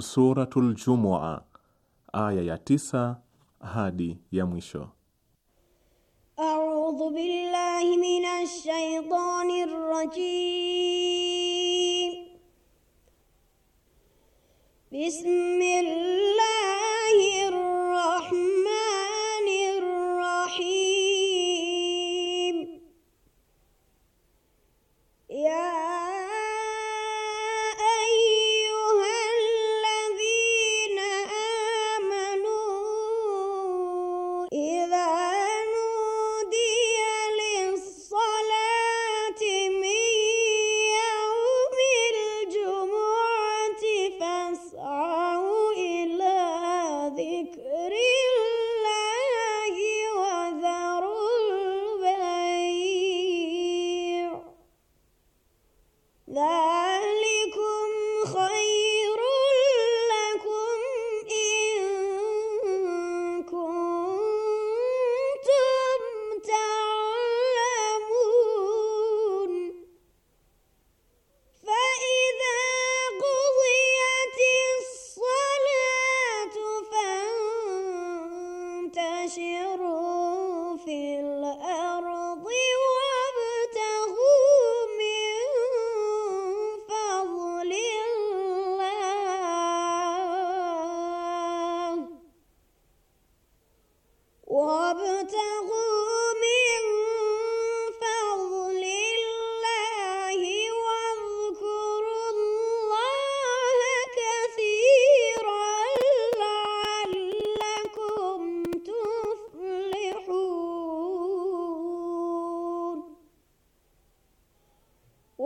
Suratul Jumua aya ya tisa hadi ya mwisho. A'udhu billahi minash rajim. Bismillah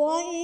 oi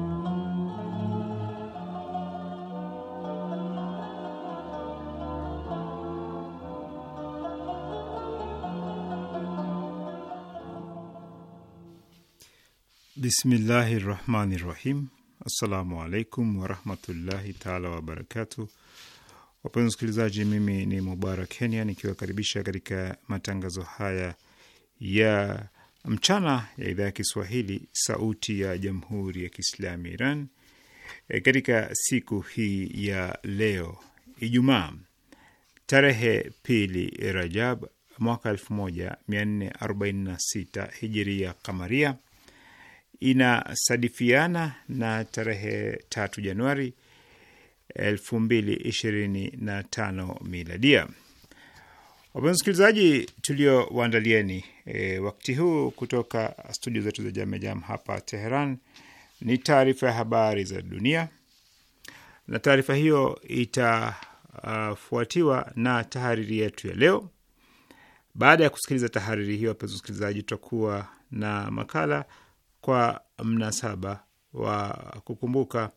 Bismillahi rahmani rahim. Assalamu alaikum warahmatullahi taala wabarakatu. Wapenzi wasikilizaji, mimi ni Mubarak Kenya nikiwakaribisha katika matangazo haya ya mchana ya idhaa ya Kiswahili sauti ya jamhuri ya Kiislamu ya Iran e, katika siku hii ya leo Ijumaa tarehe pili Rajab mwaka sita hijiria kamaria inasadifiana na tarehe tatu Januari elfu mbili ishirini na tano miladia. Wapenzi msikilizaji, tuliowaandalieni e, wakati huu kutoka studio zetu za Jamejam hapa Teheran ni taarifa ya habari za dunia, na taarifa hiyo itafuatiwa uh, na tahariri yetu ya leo. Baada ya kusikiliza tahariri hiyo, wapenzi msikilizaji, tutakuwa na makala kwa mnasaba wa kukumbuka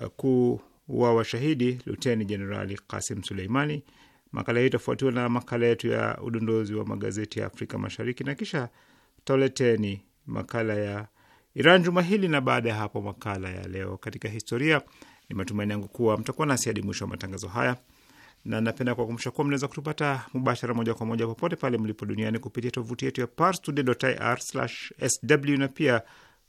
eh, kuwa washahidi Luteni Jenerali Kasim Suleimani. Makala hii itafuatiwa na makala yetu ya udondozi wa magazeti ya Afrika Mashariki na kisha toleteni makala ya Iran juma hili, na baada ya hapo makala ya leo katika historia. Ni matumaini yangu kuwa mtakuwa nasi hadi mwisho wa matangazo haya na napenda kuwakumbusha kuwa mnaweza kutupata mubashara moja kwa moja popote pale mlipo duniani kupitia tovuti yetu ya parstoday.ir/sw na pia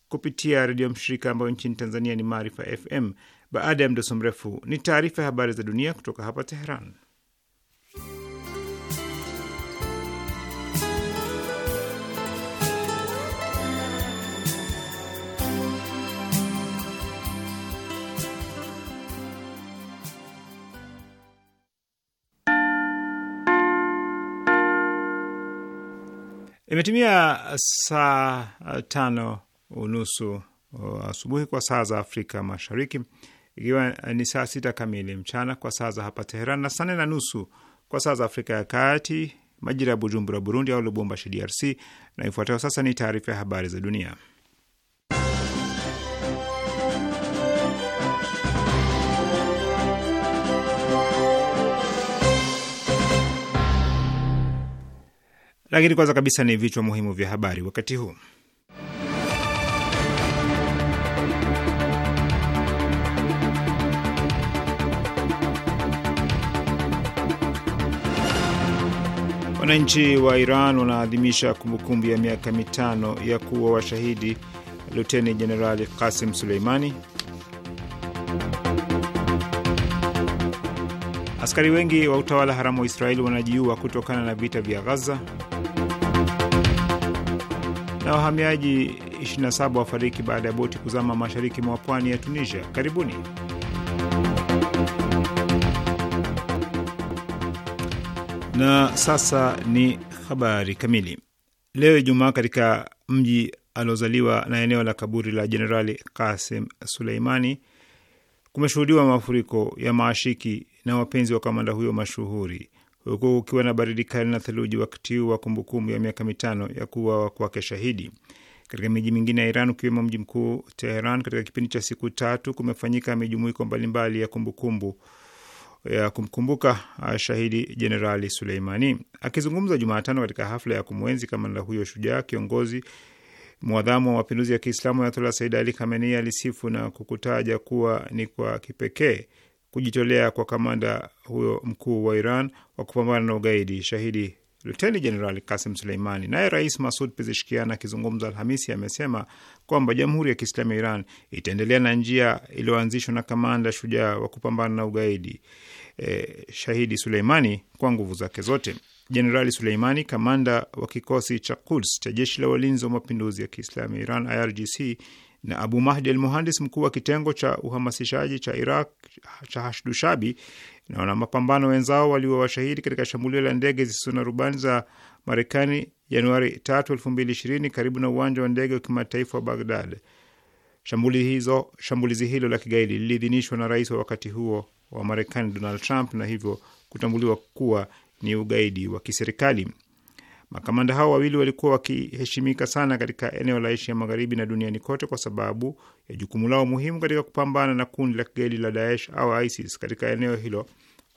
kupitia redio mshirika ambayo nchini Tanzania ni Maarifa FM. Baada ya mdoso mrefu, ni taarifa ya habari za dunia kutoka hapa Teheran. Imetimia saa uh, tano unusu uh, asubuhi kwa saa za Afrika Mashariki, ikiwa uh, ni saa sita kamili mchana kwa saa za hapa Teheran na saa nne na nusu kwa saa za Afrika ya Kati, majira ya Bujumbura, Burundi, au Lubumbashi, DRC. Na ifuatayo sasa ni taarifa ya habari za dunia. Lakini kwanza kabisa ni vichwa muhimu vya habari wakati huu. Wananchi wa Iran wanaadhimisha kumbukumbu ya miaka mitano ya kuwa washahidi Luteni Jenerali Kasim Suleimani. Askari wengi wa utawala haramu wa Israeli wanajiua kutokana na vita vya Ghaza na wahamiaji 27 wafariki baada ya boti kuzama mashariki mwa pwani ya Tunisia. Karibuni. Na sasa ni habari kamili. Leo Ijumaa, katika mji aliozaliwa na eneo la kaburi la Jenerali Kasim Suleimani kumeshuhudiwa mafuriko ya maashiki na wapenzi wa kamanda huyo mashuhuri huku ukiwa na baridi kali na theluji wakati wa kumbukumbu ya miaka mitano ya kuuawa kwake shahidi. Katika miji mingine ya Iran ukiwemo mji mkuu Teheran, katika kipindi cha siku tatu kumefanyika mijumuiko mbalimbali ya kumbukumbu ya kumkumbuka ah, shahidi Jenerali Suleimani. Akizungumza Jumatano katika hafla ya kumwenzi kamanda huyo shujaa, kiongozi mwadhamu wa mapinduzi ya Kiislamu Ayatollah Said Ali Khamenei alisifu na kukutaja kuwa ni kwa kipekee kujitolea kwa kamanda huyo mkuu wa Iran wa kupambana na ugaidi shahidi Luteni Jenerali Kasim Suleimani. Naye Rais Masud Pezeshkian akizungumza Alhamisi amesema kwamba Jamhuri ya Kiislamu ya Iran itaendelea na njia iliyoanzishwa na kamanda shujaa wa kupambana na ugaidi e, shahidi Suleimani kwa nguvu zake zote. Jenerali Suleimani, kamanda wa kikosi cha Quds cha jeshi la walinzi wa mapinduzi ya Kiislamu ya Iran IRGC na Abu Mahdi al Muhandis, mkuu wa kitengo cha uhamasishaji cha Iraq cha Hashdushabi na wana mapambano wenzao washahidi katika shambulio la ndege zisizo na rubani za Marekani Januari 3, 2020 karibu na uwanja wa ndege wa kimataifa wa Baghdad. hizo shambulizi hilo la kigaidi liliidhinishwa na rais wa wakati huo wa Marekani Donald Trump na hivyo kutambuliwa kuwa ni ugaidi wa kiserikali. Makamanda hao wawili walikuwa wakiheshimika sana katika eneo la Asia Magharibi na duniani kote kwa sababu ya jukumu lao muhimu katika kupambana na kundi la kigaidi la Daesh au ISIS katika eneo hilo,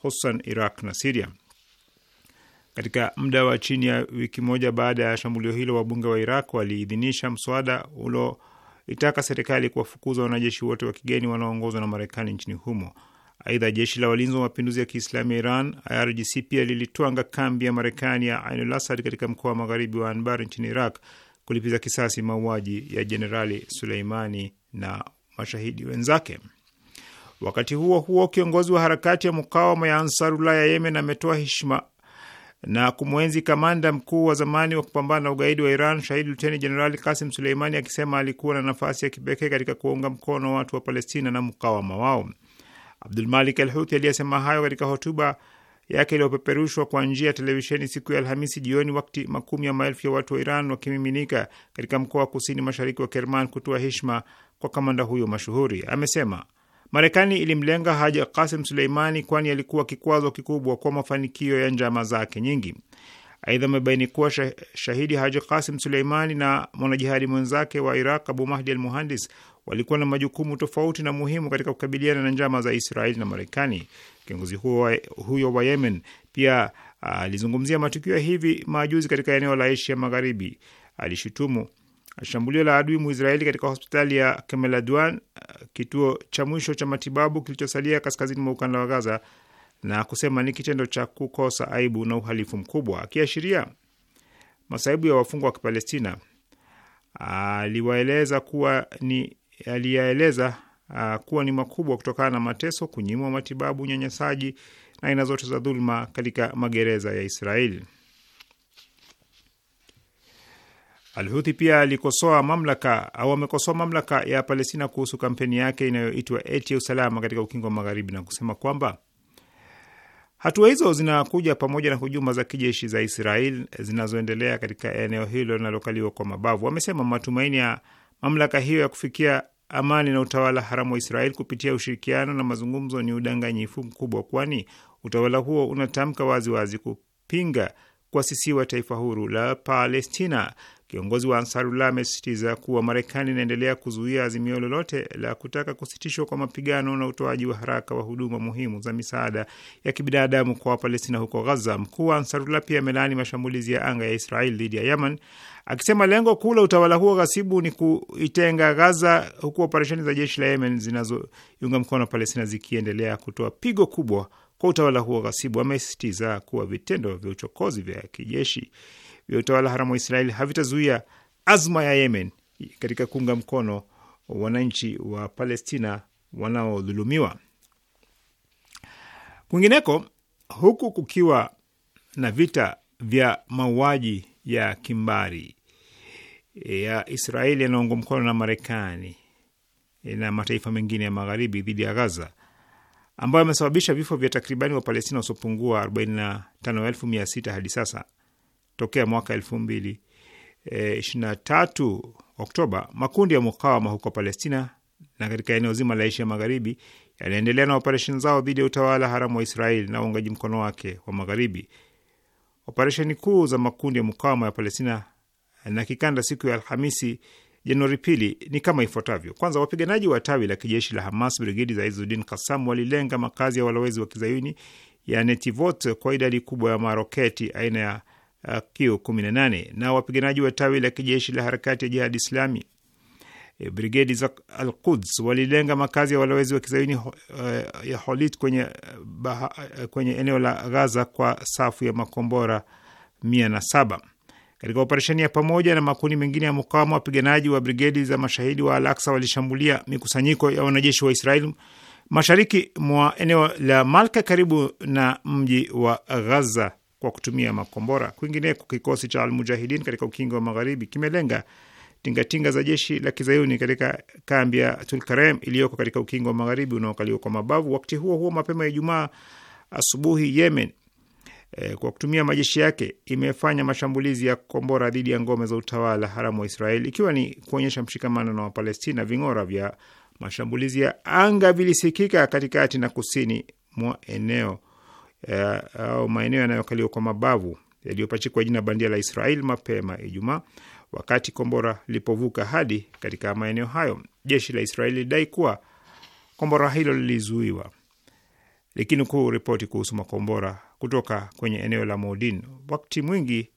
hususan Iraq na Siria. Katika muda wa chini ya wiki moja baada ya shambulio hilo, wabunge wa Iraq waliidhinisha mswada ulioitaka serikali kuwafukuza wanajeshi wote wa kigeni wanaoongozwa na Marekani nchini humo. Aidha, jeshi la walinzi wa mapinduzi ya Kiislamu ya Iran IRGC pia lilitwanga kambi ya Marekani ya Ainul Asad katika mkoa wa magharibi wa Anbar nchini Iraq kulipiza kisasi mauaji ya Jenerali Suleimani na mashahidi wenzake. Wakati huo huo, kiongozi wa harakati ya mukawama ya Ansarullah ya Yemen ametoa heshima na kumwenzi kamanda mkuu wa zamani wa kupambana na ugaidi wa Iran shahidi luteni jenerali Kasim Suleimani akisema alikuwa na nafasi ya kipekee katika kuunga mkono watu wa Palestina na mkawama wao. Abdulmalik Al Huthi aliyesema hayo katika hotuba yake iliyopeperushwa kwa njia ya televisheni siku ya Alhamisi jioni, wakati makumi ya maelfu ya watu wa Iran wakimiminika katika mkoa wa kusini mashariki wa Kerman kutoa heshima kwa kamanda huyo mashuhuri. Amesema Marekani ilimlenga Haji Kasim Suleimani kwani alikuwa kikwazo kikubwa kwa mafanikio ya njama zake nyingi. Aidha, amebaini kuwa shahidi Haji Kasim Suleimani na mwanajihadi mwenzake wa Iraq Abu Mahdi al Muhandis walikuwa na majukumu tofauti na muhimu katika kukabiliana na njama za Israeli na Marekani. Kiongozi huyo wa Yemen pia ah, alizungumzia matukio ya hivi majuzi katika eneo la Asia Magharibi. Alishutumu shambulio la adui Muisraeli katika hospitali ya Kemal ah, kituo cha mwisho cha matibabu kilichosalia kaskazini mwa ukanda wa Gaza, na kusema ni kitendo cha kukosa aibu na uhalifu mkubwa, akiashiria masaibu ya wafungwa wa Kipalestina aliwaeleza kuwa ni aliyaeleza ah, kuwa ni makubwa kutokana na mateso, kunyimwa matibabu, unyanyasaji na aina zote za dhuluma katika magereza ya Israeli. Alhuthi pia alikosoa mamlaka au amekosoa mamlaka ya Palestina kuhusu kampeni yake inayoitwa eti ya usalama katika ukingo wa magharibi na kusema kwamba Hatua hizo zinakuja pamoja na hujuma za kijeshi za Israel zinazoendelea katika eneo hilo linalokaliwa kwa mabavu. Wamesema matumaini ya mamlaka hiyo ya kufikia amani na utawala haramu wa Israel kupitia ushirikiano na mazungumzo ni udanganyifu mkubwa, kwani utawala huo unatamka waziwazi kupinga kuasisiwa taifa huru la Palestina. Kiongozi wa Ansarullah amesisitiza kuwa Marekani inaendelea kuzuia azimio lolote la kutaka kusitishwa kwa mapigano na utoaji wa haraka wa huduma muhimu za misaada ya kibinadamu kwa Wapalestina huko Ghaza. Mkuu wa Ansarullah pia amelaani mashambulizi ya anga ya Israel dhidi ya Yemen, akisema lengo kuu la utawala huo ghasibu ni kuitenga Ghaza, huku operesheni za jeshi la Yemen zinazoiunga mkono Palestina zikiendelea kutoa pigo kubwa kwa utawala huo ghasibu. Amesisitiza kuwa vitendo vya uchokozi vya kijeshi vya utawala haramu wa Israeli havitazuia azma ya Yemen katika kuunga mkono wananchi wa Palestina wanaodhulumiwa. Kwingineko, huku kukiwa na vita vya mauaji ya kimbari ya Israeli yanaungwa mkono na Marekani na mataifa mengine ya magharibi dhidi ya Gaza ambayo amesababisha vifo vya takribani Wapalestina wasiopungua 45,600 hadi sasa tokea mwaka elfu mbili eh, ishirini na tatu Oktoba, makundi ya mukawama huko Palestina na katika eneo zima la Asia Magharibi yanaendelea na operesheni zao dhidi ya utawala haramu wa Israeli na uungaji mkono wake wa Magharibi. Operesheni kuu za makundi ya mukawama ya Palestina eh, na kikanda siku ya Alhamisi Januari pili ni kama ifuatavyo. Kwanza, wapiganaji wa tawi la kijeshi la Hamas, Brigedi za Izudin Kasam, walilenga makazi ya walowezi wa kizayuni ya Netivot kwa idadi kubwa ya maroketi aina ya Q18 na wapiganaji wa tawi la kijeshi la harakati ya Jihadi Islami e, brigedi za Al Quds walilenga makazi ya walowezi wa kizayuni uh, ya Holit kwenye, uh, kwenye eneo la Gaza kwa safu ya makombora 107 katika operesheni ya pamoja na makundi mengine ya mukawama. Wapiganaji wa brigedi za mashahidi wa alaksa walishambulia mikusanyiko ya wanajeshi wa Israeli mashariki mwa eneo la Malka karibu na mji wa Gaza kwa kutumia makombora. Kwingineko, kikosi cha Almujahidin katika ukingo wa magharibi kimelenga tingatinga za jeshi la kizayuni katika kambi ya Tulkarem iliyoko katika ukingo wa magharibi unaokaliwa kwa mabavu. Wakati huo huo, mapema ya Ijumaa asubuhi, Yemen e, kwa kutumia majeshi yake imefanya mashambulizi ya kombora dhidi ya ngome za utawala haramu wa Israel ikiwa ni kuonyesha mshikamano na Wapalestina. Ving'ora vya mashambulizi ya anga vilisikika katikati na kusini mwa eneo eh, au maeneo yanayokaliwa kwa mabavu yaliyopachikwa jina bandia la Israel mapema Ijumaa, wakati kombora lilipovuka hadi katika maeneo hayo. Jeshi la Israel lilidai kuwa kombora hilo lilizuiwa, likinukuu ripoti kuhusu makombora kutoka kwenye eneo la Modin. Wakati mwingi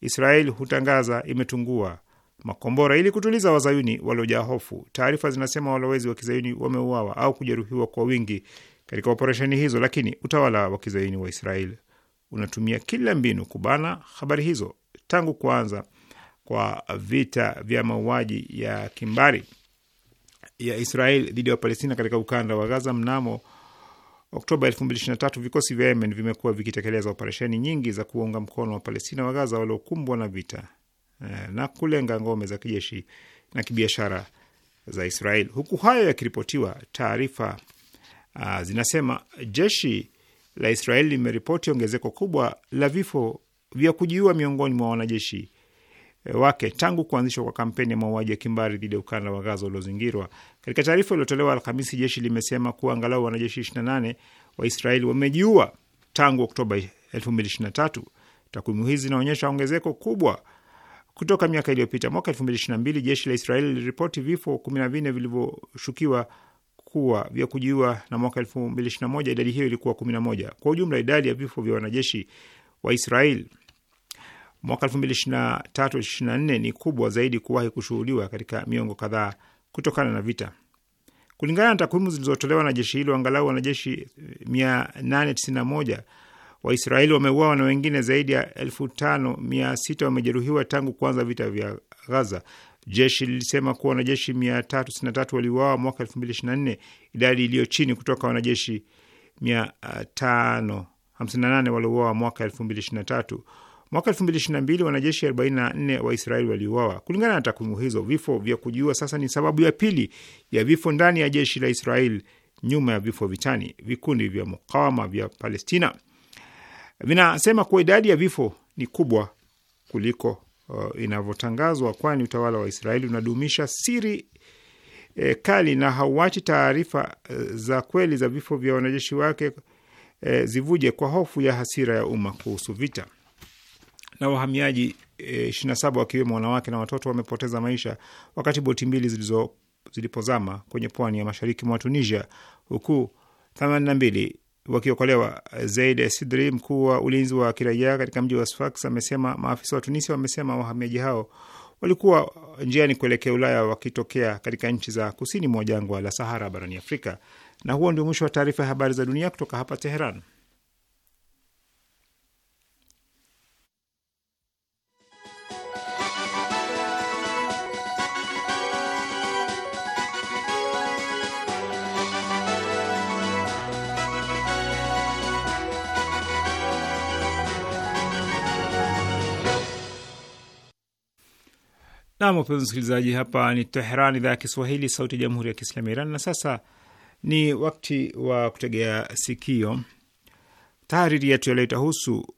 Israel hutangaza imetungua makombora ili kutuliza wazayuni waliojaa hofu. Taarifa zinasema walowezi wa kizayuni wameuawa au kujeruhiwa kwa wingi katika operesheni hizo, lakini utawala wa kizaini wa Israel unatumia kila mbinu kubana habari hizo tangu kuanza kwa vita vya mauaji ya kimbari ya Israel dhidi ya Wapalestina katika ukanda wa Gaza mnamo Oktoba 2023 vikosi vya Yemen vimekuwa vikitekeleza operesheni nyingi za kuunga mkono wa Palestina wa Gaza waliokumbwa na vita eh, na kulenga ngome za kijeshi na kibiashara za Israel. Huku hayo yakiripotiwa, taarifa Ah, zinasema jeshi la Israeli limeripoti ongezeko kubwa la vifo vya kujiua miongoni mwa wanajeshi eh, wake tangu kuanzishwa kwa kampeni ya mauaji ya kimbari dhidi ya ukanda wa Gaza uliozingirwa. Katika taarifa iliyotolewa Alhamisi, jeshi limesema kuwa angalau wanajeshi 28 wa Israeli wamejiua tangu Oktoba 2023. Takwimu hizi zinaonyesha ongezeko kubwa kutoka miaka iliyopita. Mwaka 2022 jeshi la Israeli liliripoti vifo 14 vilivyoshukiwa kuwa vya kujiua na mwaka 2021 idadi hiyo ilikuwa 11. Kwa ujumla idadi ya vifo vya wanajeshi wa Israel mwaka 2023-2024 ni kubwa zaidi kuwahi kushuhudiwa katika miongo kadhaa kutokana na vita. Kulingana na takwimu zilizotolewa na jeshi hilo, angalau wanajeshi 891 wa Israeli wameuawa na wengine zaidi ya 5600 wamejeruhiwa tangu kuanza vita vya Gaza. Jeshi lilisema kuwa wanajeshi 363 waliuawa mwaka 2024, idadi iliyo chini kutoka wanajeshi 558 waliuawa mwaka 2023. Mwaka 2022 wanajeshi 44 wa Israeli waliuawa. Kulingana na takwimu hizo, vifo vya kujiua sasa ni sababu ya pili ya vifo ndani ya jeshi la Israeli nyuma ya vifo vitani. Vikundi vya mukawama vya Palestina vinasema kuwa idadi ya vifo ni kubwa kuliko uh, inavyotangazwa, kwani utawala wa Israeli unadumisha siri e, kali na hauachi taarifa e, za kweli za vifo vya wanajeshi wake e, zivuje kwa hofu ya hasira ya umma kuhusu vita. Na wahamiaji e, 27 wakiwemo wanawake na watoto wamepoteza maisha wakati boti mbili zilizo zilipozama kwenye pwani ya mashariki mwa Tunisia huku 82 wakiokolewa. Zaid Sidri, mkuu wa ulinzi wa kiraia katika mji wa Sfax, amesema maafisa wa Tunisia wamesema wahamiaji hao walikuwa njiani kuelekea Ulaya wakitokea katika nchi za kusini mwa jangwa la Sahara barani Afrika. Na huo ndio mwisho wa taarifa ya habari za dunia kutoka hapa Teheran. Nam, wapenzi msikilizaji, hapa ni Teheran, idhaa ya Kiswahili, sauti ya jamhuri ya kiislamu ya Iran. Na sasa ni wakati wa kutegea sikio. Tahariri yetu ya itahusu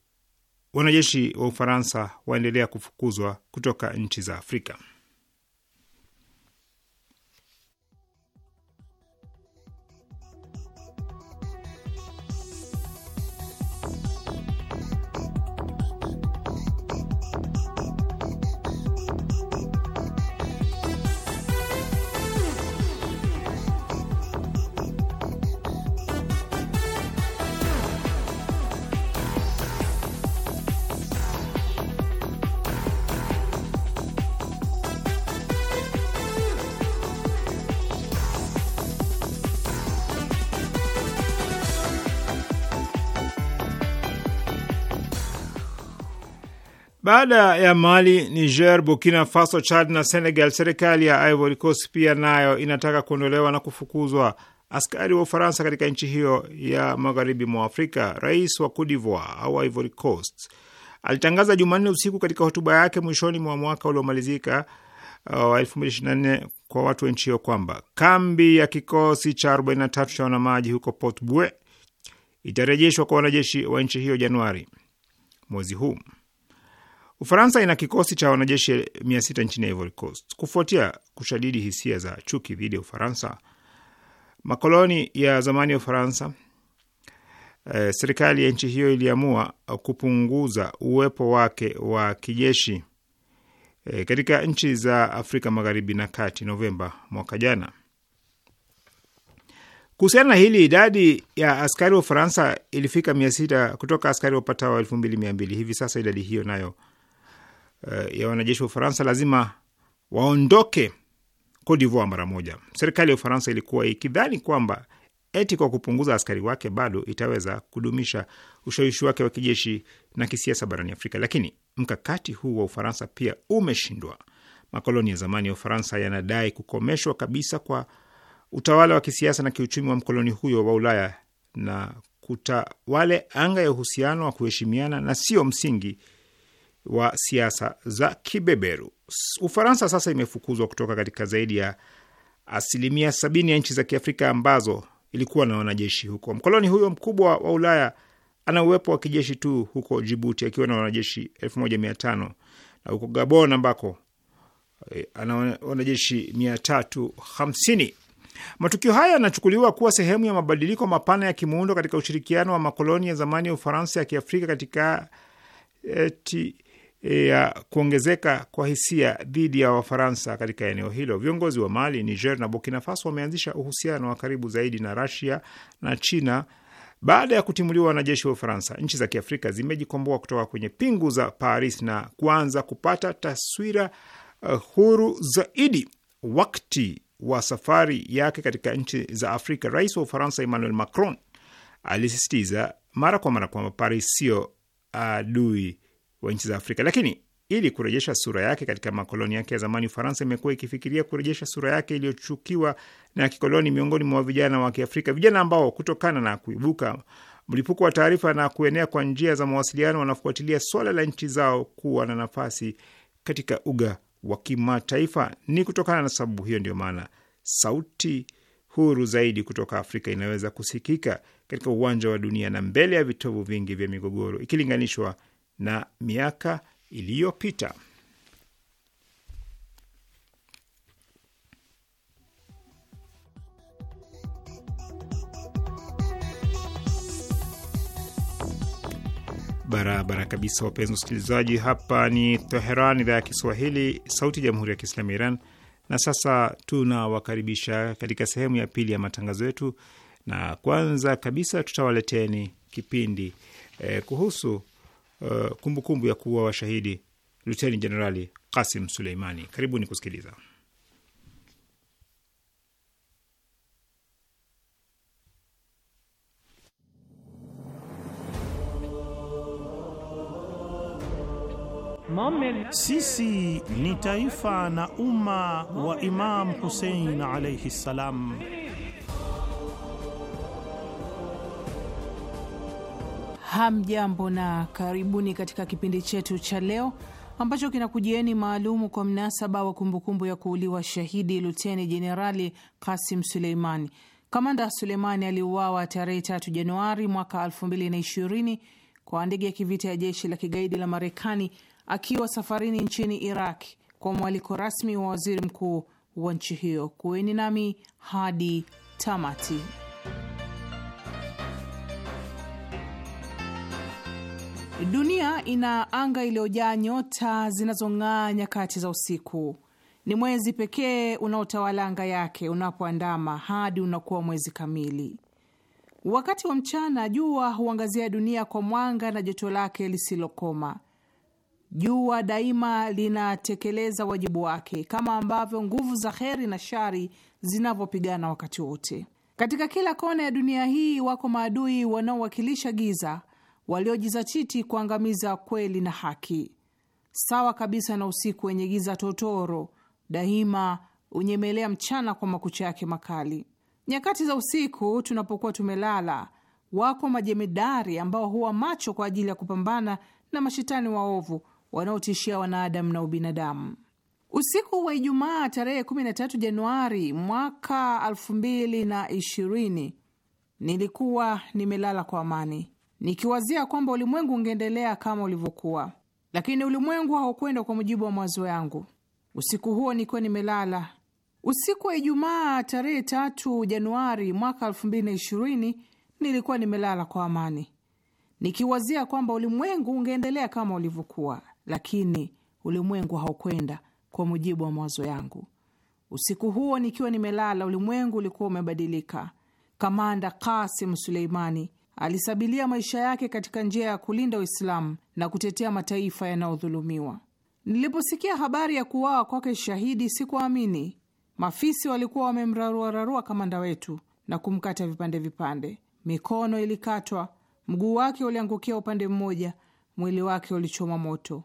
wanajeshi wa Ufaransa waendelea kufukuzwa kutoka nchi za Afrika. Baada ya Mali, Niger, Burkina Faso, Chad na Senegal, serikali ya Ivory Coast pia nayo inataka kuondolewa na kufukuzwa askari wa Ufaransa katika nchi hiyo ya magharibi mwa Afrika. Rais wa Cote d'Ivoire au Ivory Coast alitangaza Jumanne usiku katika hotuba yake mwishoni mwa mwaka uliomalizika uh, wa 2024 kwa watu wa nchi hiyo kwamba kambi ya kikosi cha 43 cha wanamaji huko Port Bue itarejeshwa kwa wanajeshi wa nchi hiyo Januari mwezi huu. Ufaransa ina kikosi cha wanajeshi mia sita nchini Ivory Coast kufuatia kushadidi hisia za chuki dhidi ya Ufaransa. Makoloni ya zamani ya Ufaransa, e, serikali ya nchi hiyo iliamua kupunguza uwepo wake wa kijeshi e, katika nchi za Afrika Magharibi na Kati Novemba mwaka jana. Kuhusiana na hili, idadi ya askari wa Ufaransa ilifika mia sita kutoka askari wapatao elfu mbili mia mbili. Hivi sasa idadi hiyo nayo uh, ya wanajeshi wa Ufaransa lazima waondoke Cote d'Ivoire mara moja. Serikali ya Ufaransa ilikuwa ikidhani kwamba eti kwa kupunguza askari wake bado itaweza kudumisha ushawishi wake wa kijeshi na kisiasa barani Afrika, lakini mkakati huu wa Ufaransa pia umeshindwa. Makoloni ya zamani ya Ufaransa yanadai kukomeshwa kabisa kwa utawala wa kisiasa na kiuchumi wa mkoloni huyo wa Ulaya na kutawale anga ya uhusiano wa kuheshimiana na sio msingi wa siasa za kibeberu. Ufaransa sasa imefukuzwa kutoka katika zaidi ya asilimia sabini ya nchi za Kiafrika ambazo ilikuwa na wanajeshi huko. Mkoloni huyo mkubwa wa Ulaya ana uwepo wa kijeshi tu huko Jibuti akiwa na wanajeshi elfu moja mia tano na huko Gabon ambako eh, ana wanajeshi mia tatu hamsini. Matukio haya yanachukuliwa kuwa sehemu ya mabadiliko mapana ya kimuundo katika ushirikiano wa makoloni ya zamani ya Ufaransa ya Kiafrika katika eh, E, ya kuongezeka kwa hisia dhidi ya Wafaransa katika eneo hilo. Viongozi wa Mali, Niger na Burkina Faso wameanzisha uhusiano wa karibu zaidi na Rasia na China baada ya kutimuliwa wanajeshi wa Ufaransa. Nchi za Kiafrika zimejikomboa kutoka kwenye pingu za Paris na kuanza kupata taswira uh, huru zaidi. Wakati wa safari yake katika nchi za Afrika, rais wa Ufaransa Emmanuel Macron alisisitiza mara kwa mara kwamba Paris sio adui wa nchi za Afrika. Lakini ili kurejesha sura yake katika makoloni yake ya zamani, Ufaransa imekuwa ikifikiria kurejesha sura yake iliyochukiwa na kikoloni miongoni mwa vijana wa Kiafrika, vijana ambao kutokana na kuibuka mlipuko wa taarifa na kuenea kwa njia za mawasiliano wanafuatilia swala la nchi zao kuwa na nafasi katika uga wa kimataifa. Ni kutokana na sababu hiyo ndio maana sauti huru zaidi kutoka Afrika inaweza kusikika katika uwanja wa dunia na mbele ya vitovu vingi vya migogoro ikilinganishwa na miaka iliyopita. Barabara kabisa, wapenzi wasikilizaji, hapa ni Teheran, idhaa ya Kiswahili, sauti ya jamhuri ya kiislamu ya Iran. Na sasa tunawakaribisha katika sehemu ya pili ya matangazo yetu, na kwanza kabisa tutawaleteni kipindi eh, kuhusu uh, kumbukumbu ya kuwa washahidi Luteni Jenerali Kasim Suleimani. Karibuni kusikiliza. Sisi ni taifa na umma wa Imam Husein alaihi ssalam Hamjambo na karibuni katika kipindi chetu cha leo ambacho kinakujieni maalumu kwa mnasaba wa kumbukumbu ya kuuliwa shahidi Luteni Jenerali Kasim Suleimani. Kamanda Suleimani aliuawa tarehe 3 Januari mwaka ishirini kwa ndege ya kivita ya jeshi la kigaidi la Marekani akiwa safarini nchini Iraq kwa mwaliko rasmi wa waziri mkuu wa nchi hiyo. Kuweni nami hadi tamati. Dunia ina anga iliyojaa nyota zinazong'aa nyakati za usiku. Ni mwezi pekee unaotawala anga yake unapoandama hadi unakuwa mwezi kamili. Wakati wa mchana, jua huangazia dunia kwa mwanga na joto lake lisilokoma. Jua daima linatekeleza wajibu wake, kama ambavyo nguvu za heri na shari zinavyopigana wakati wote. Katika kila kona ya dunia hii wako maadui wanaowakilisha giza waliojizatiti kuangamiza kweli na haki, sawa kabisa na usiku wenye giza totoro, daima unyemelea mchana kwa makucha yake makali. Nyakati za usiku tunapokuwa tumelala, wako majemedari ambao huwa macho kwa ajili ya kupambana na mashetani waovu wanaotishia wanadamu na ubinadamu. Usiku wa Ijumaa tarehe 13 Januari mwaka 2020 nilikuwa nimelala kwa amani nikiwazia kwamba ulimwengu ungeendelea kama ulivyokuwa, lakini ulimwengu haukwenda kwa mujibu wa mawazo yangu. Usiku huo nikiwa nimelala, usiku wa Ijumaa tarehe tatu Januari mwaka elfu mbili na ishirini, nilikuwa nimelala kwa amani nikiwazia kwamba ulimwengu ungeendelea kama ulivyokuwa, lakini ulimwengu haukwenda kwa mujibu wa mawazo yangu. Usiku huo nikiwa nimelala, ulimwengu ulikuwa umebadilika. Kamanda Kasim Suleimani alisabilia maisha yake katika njia ya kulinda Uislamu na kutetea mataifa yanayodhulumiwa. Niliposikia habari ya kuuawa kwake shahidi, sikuamini. Mafisi walikuwa wamemraruararua kamanda wetu na kumkata vipande vipande. Mikono ilikatwa, mguu wake uliangukia upande mmoja, mwili wake ulichoma moto.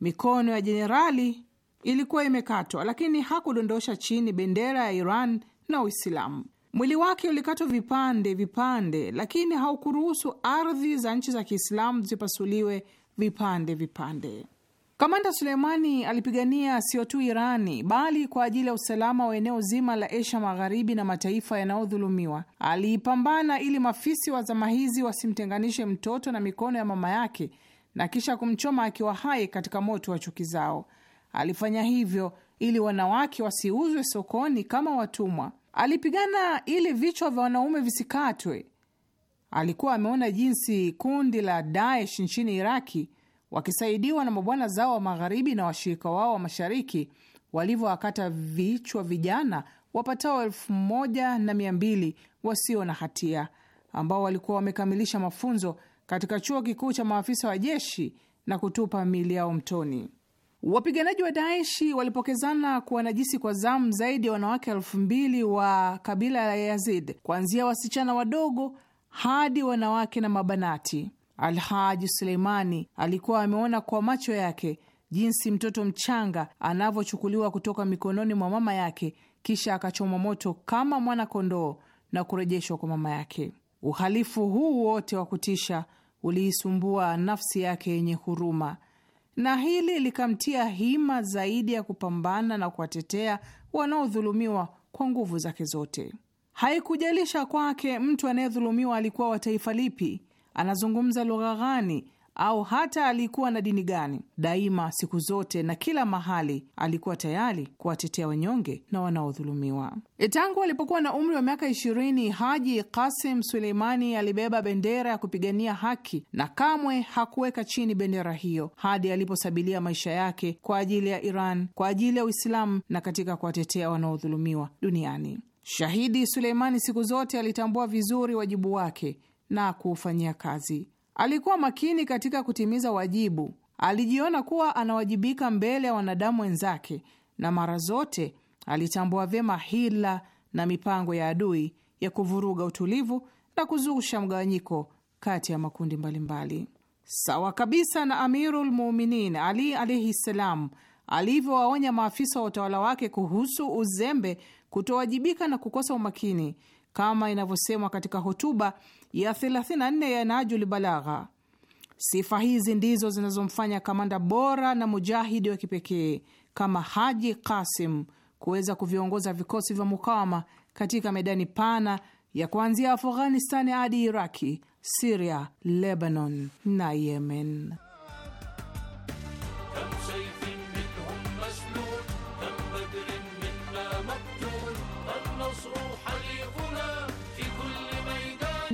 Mikono ya jenerali ilikuwa imekatwa, lakini hakudondosha chini bendera ya Iran na Uislamu. Mwili wake ulikatwa vipande vipande, lakini haukuruhusu ardhi za nchi za Kiislamu zipasuliwe vipande vipande. Kamanda Suleimani alipigania sio tu Irani bali kwa ajili ya usalama wa eneo zima la Asia Magharibi na mataifa yanayodhulumiwa. Aliipambana ili mafisi wa zama hizi wasimtenganishe mtoto na mikono ya mama yake na kisha kumchoma akiwa hai katika moto wa chuki zao. Alifanya hivyo ili wanawake wasiuzwe sokoni kama watumwa. Alipigana ili vichwa vya wanaume visikatwe. Alikuwa ameona jinsi kundi la Daesh nchini Iraki wakisaidiwa na mabwana zao wa magharibi na washirika wao wa mashariki walivyowakata vichwa vijana wapatao elfu moja na mia mbili wasio na hatia ambao walikuwa wamekamilisha mafunzo katika chuo kikuu cha maafisa wa jeshi na kutupa miili yao mtoni. Wapiganaji wa Daeshi walipokezana kuwa najisi kwa zamu zaidi ya wanawake elfu mbili wa kabila la Yazid, kuanzia wasichana wadogo hadi wanawake na mabanati. Alhaji Suleimani alikuwa ameona kwa macho yake jinsi mtoto mchanga anavyochukuliwa kutoka mikononi mwa mama yake, kisha akachomwa moto kama mwana kondoo na kurejeshwa kwa mama yake. Uhalifu huu wote wa kutisha uliisumbua nafsi yake yenye huruma na hili likamtia hima zaidi ya kupambana na kuwatetea wanaodhulumiwa kwa nguvu zake zote. Haikujalisha kwake mtu anayedhulumiwa alikuwa wa taifa lipi, anazungumza lugha gani, au hata alikuwa na dini gani, daima, siku zote na kila mahali alikuwa tayari kuwatetea wanyonge na wanaodhulumiwa. E, tangu alipokuwa na umri wa miaka ishirini, Haji Kasim Suleimani alibeba bendera ya kupigania haki na kamwe hakuweka chini bendera hiyo hadi aliposabilia maisha yake kwa ajili ya Iran, kwa ajili ya Uislamu na katika kuwatetea wanaodhulumiwa duniani. Shahidi Suleimani siku zote alitambua vizuri wajibu wake na kuufanyia kazi. Alikuwa makini katika kutimiza wajibu. Alijiona kuwa anawajibika mbele ya wanadamu wenzake, na mara zote alitambua vyema hila na mipango ya adui ya kuvuruga utulivu na kuzusha mgawanyiko kati ya makundi mbalimbali mbali. Sawa kabisa na Amirul Muminin Ali alaihi ssalam alivyowaonya maafisa wa utawala wake kuhusu uzembe, kutowajibika na kukosa umakini, kama inavyosemwa katika hotuba ya 34 ya Najul Balagha. Sifa hizi ndizo zinazomfanya kamanda bora na mujahidi wa kipekee kama Haji Kasim kuweza kuviongoza vikosi vya mukawama katika medani pana ya kuanzia Afghanistani hadi Iraki, Siria, Lebanon na Yemen.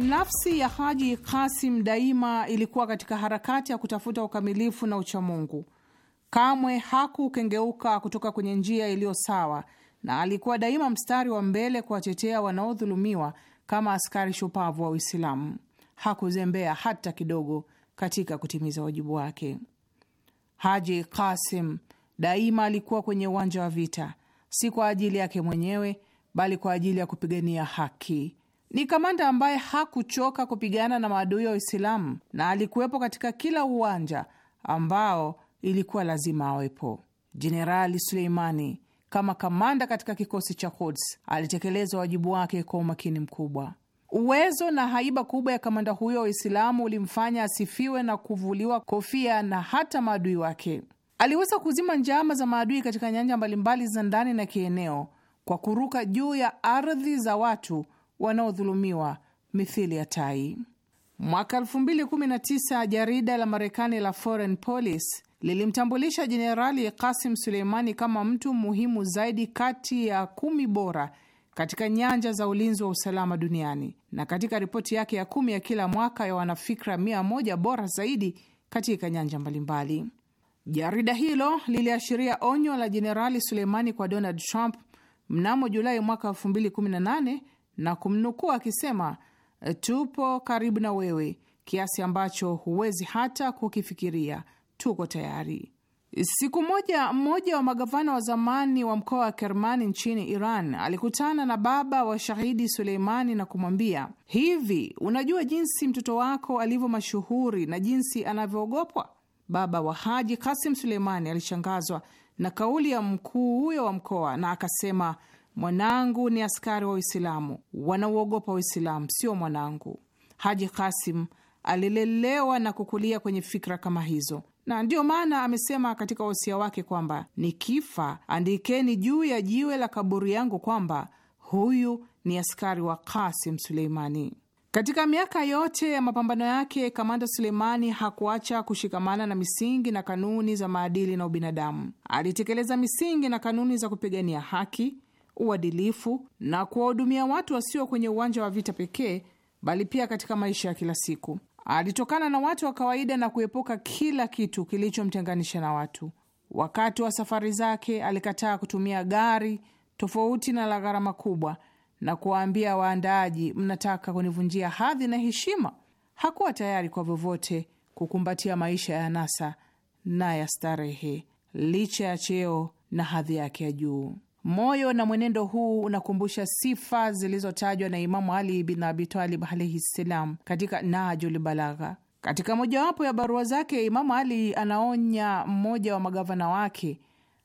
Nafsi ya Haji Kasim daima ilikuwa katika harakati ya kutafuta ukamilifu na uchamungu. Kamwe hakukengeuka kutoka kwenye njia iliyo sawa, na alikuwa daima mstari wa mbele kuwatetea wanaodhulumiwa kama askari shupavu wa Uislamu. Hakuzembea hata kidogo katika kutimiza wajibu wake. Haji Kasim daima alikuwa kwenye uwanja wa vita, si kwa ajili yake mwenyewe, bali kwa ajili ya kupigania haki. Ni kamanda ambaye hakuchoka kupigana na maadui wa Uislamu na alikuwepo katika kila uwanja ambao ilikuwa lazima awepo. Jenerali Suleimani kama kamanda katika kikosi cha Quds alitekeleza wajibu wake kwa umakini mkubwa. Uwezo na haiba kubwa ya kamanda huyo Waislamu ulimfanya asifiwe na kuvuliwa kofia na hata maadui wake. Aliweza kuzima njama za maadui katika nyanja mbalimbali za ndani na kieneo kwa kuruka juu ya ardhi za watu wanaodhulumiwa mithili ya tai. Mwaka 2019 jarida la Marekani la Foreign Policy lilimtambulisha Jenerali Kasim Suleimani kama mtu muhimu zaidi kati ya kumi bora katika nyanja za ulinzi wa usalama duniani, na katika ripoti yake ya kumi ya kila mwaka ya wanafikra mia moja bora zaidi katika nyanja mbalimbali. Jarida hilo liliashiria onyo la Jenerali Suleimani kwa Donald Trump mnamo Julai mwaka 2018 na kumnukuu akisema, tupo karibu na wewe kiasi ambacho huwezi hata kukifikiria, tuko tayari. Siku moja mmoja wa magavana wa zamani wa mkoa wa Kermani nchini Iran alikutana na baba wa shahidi Suleimani na kumwambia hivi, unajua jinsi mtoto wako alivyo mashuhuri na jinsi anavyoogopwa? Baba wa Haji Kasim Suleimani alishangazwa na kauli ya mkuu huyo wa mkoa na akasema Mwanangu ni askari wa Uislamu, wanauogopa Uislamu, sio mwanangu. Haji Kasim alilelewa na kukulia kwenye fikra kama hizo, na ndiyo maana amesema katika wasia wake kwamba nikifa, andikeni juu ya jiwe la kaburi yangu kwamba huyu ni askari wa Kasim Suleimani. Katika miaka yote ya mapambano yake, kamanda Suleimani hakuacha kushikamana na misingi na kanuni za maadili na ubinadamu. Alitekeleza misingi na kanuni za kupigania haki uadilifu na kuwahudumia watu wasio kwenye uwanja wa vita pekee, bali pia katika maisha ya kila siku. Alitokana na watu wa kawaida na kuepuka kila kitu kilichomtenganisha na watu. Wakati wa safari zake alikataa kutumia gari tofauti na la gharama kubwa, na kuwaambia waandaaji, mnataka kunivunjia hadhi na heshima. Hakuwa tayari kwa vyovyote kukumbatia maisha ya anasa na ya starehe, licha ya cheo na hadhi yake ya juu. Moyo na mwenendo huu unakumbusha sifa zilizotajwa na Imamu Ali bin Abitalib alaihi ssalam katika Najul Balagha. Katika mojawapo ya barua zake, Imamu Ali anaonya mmoja wa magavana wake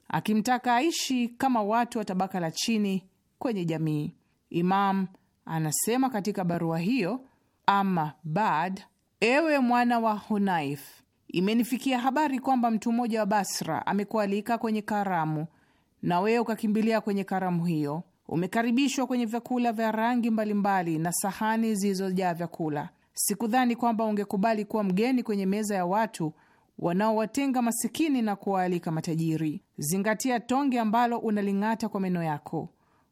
akimtaka aishi kama watu wa tabaka la chini kwenye jamii. Imam anasema katika barua hiyo, ama bad, ewe mwana wa Hunaif, imenifikia habari kwamba mtu mmoja wa Basra amekualika kwenye karamu na wewe ukakimbilia kwenye karamu hiyo. Umekaribishwa kwenye vyakula vya rangi mbalimbali na sahani zilizojaa vyakula. Sikudhani kwamba ungekubali kuwa mgeni kwenye meza ya watu wanaowatenga masikini na kuwaalika matajiri. Zingatia tonge ambalo unaling'ata kwa meno yako,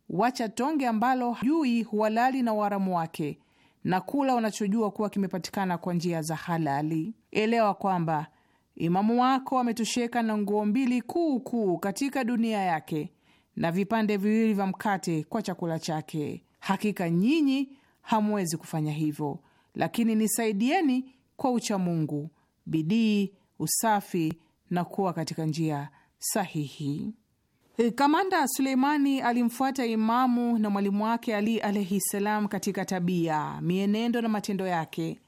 wacha tonge ambalo hujui uhalali na uharamu wake, na kula unachojua kuwa kimepatikana kwa njia za halali. Elewa kwamba Imamu wako ametosheka na nguo mbili kuu kuu katika dunia yake na vipande viwili vya mkate kwa chakula chake. Hakika nyinyi hamwezi kufanya hivyo, lakini nisaidieni kwa ucha mungu bidii, usafi na kuwa katika njia sahihi. E, kamanda Suleimani alimfuata Imamu na mwalimu wake Ali alaihi ssalam katika tabia, mienendo na matendo yake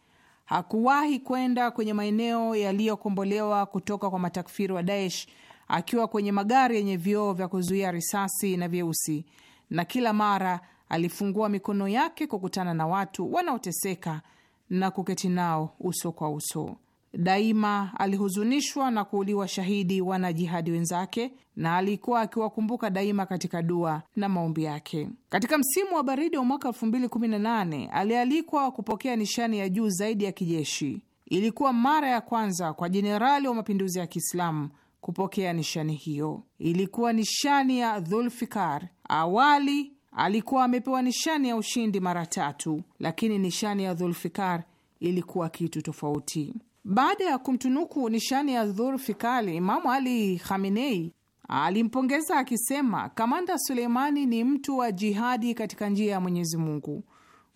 hakuwahi kwenda kwenye maeneo yaliyokombolewa kutoka kwa matakfiri wa Daesh akiwa kwenye magari yenye vioo vya kuzuia risasi na vyeusi, na kila mara alifungua mikono yake kukutana na watu wanaoteseka na kuketi nao uso kwa uso. Daima alihuzunishwa na kuuliwa shahidi wanajihadi wenzake na alikuwa akiwakumbuka daima katika dua na maombi yake. Katika msimu wa baridi wa mwaka 2018 alialikwa kupokea nishani ya juu zaidi ya kijeshi. Ilikuwa mara ya kwanza kwa jenerali wa mapinduzi ya Kiislamu kupokea nishani hiyo. Ilikuwa nishani ya Dhulfikar. Awali alikuwa amepewa nishani ya ushindi mara tatu, lakini nishani ya Dhulfikar ilikuwa kitu tofauti. Baada ya kumtunuku nishani ya Dhulfikali, Imamu Ali Khamenei alimpongeza akisema, kamanda Suleimani ni mtu wa jihadi katika njia ya Mwenyezi Mungu.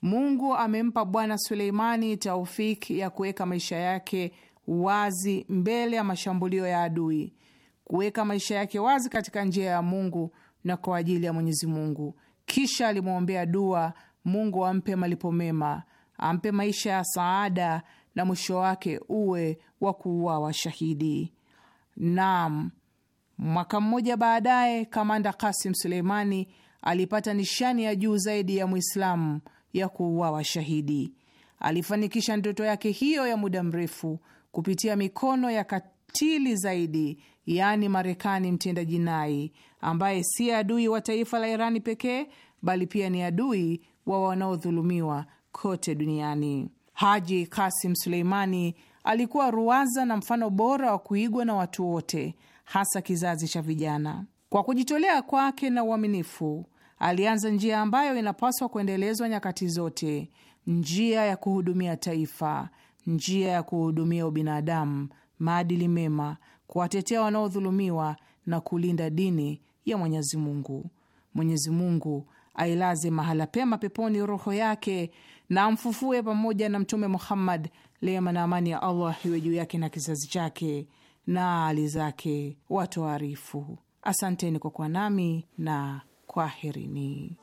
Mungu amempa bwana Suleimani taufiki ya kuweka maisha yake wazi mbele ya mashambulio ya adui, kuweka maisha yake wazi katika njia ya Mungu na kwa ajili ya Mwenyezi Mungu. Kisha alimwombea dua Mungu ampe malipo mema, ampe maisha ya saada na mwisho wake uwe wa kuuawa shahidi. Naam, mwaka mmoja baadaye kamanda Kasim Suleimani alipata nishani ya juu zaidi ya Mwislamu ya kuuawa shahidi. Alifanikisha ndoto yake hiyo ya muda mrefu kupitia mikono ya katili zaidi, yaani Marekani mtenda jinai, ambaye si adui wa taifa la Irani pekee bali pia ni adui wa wanaodhulumiwa kote duniani. Haji Kasim Suleimani alikuwa ruwaza na mfano bora wa kuigwa na watu wote, hasa kizazi cha vijana. Kwa kujitolea kwake na uaminifu, alianza njia ambayo inapaswa kuendelezwa nyakati zote, njia ya kuhudumia taifa, njia ya kuhudumia ubinadamu, maadili mema, kuwatetea wanaodhulumiwa na kulinda dini ya Mwenyezi Mungu. Mwenyezi Mungu ailaze mahala pema peponi roho yake na amfufue pamoja na Mtume Muhammad, lema na amani ya Allah iwe juu yake na kizazi chake na ali zake watoarifu. Asanteni kwa kuwa nami na kwaherini.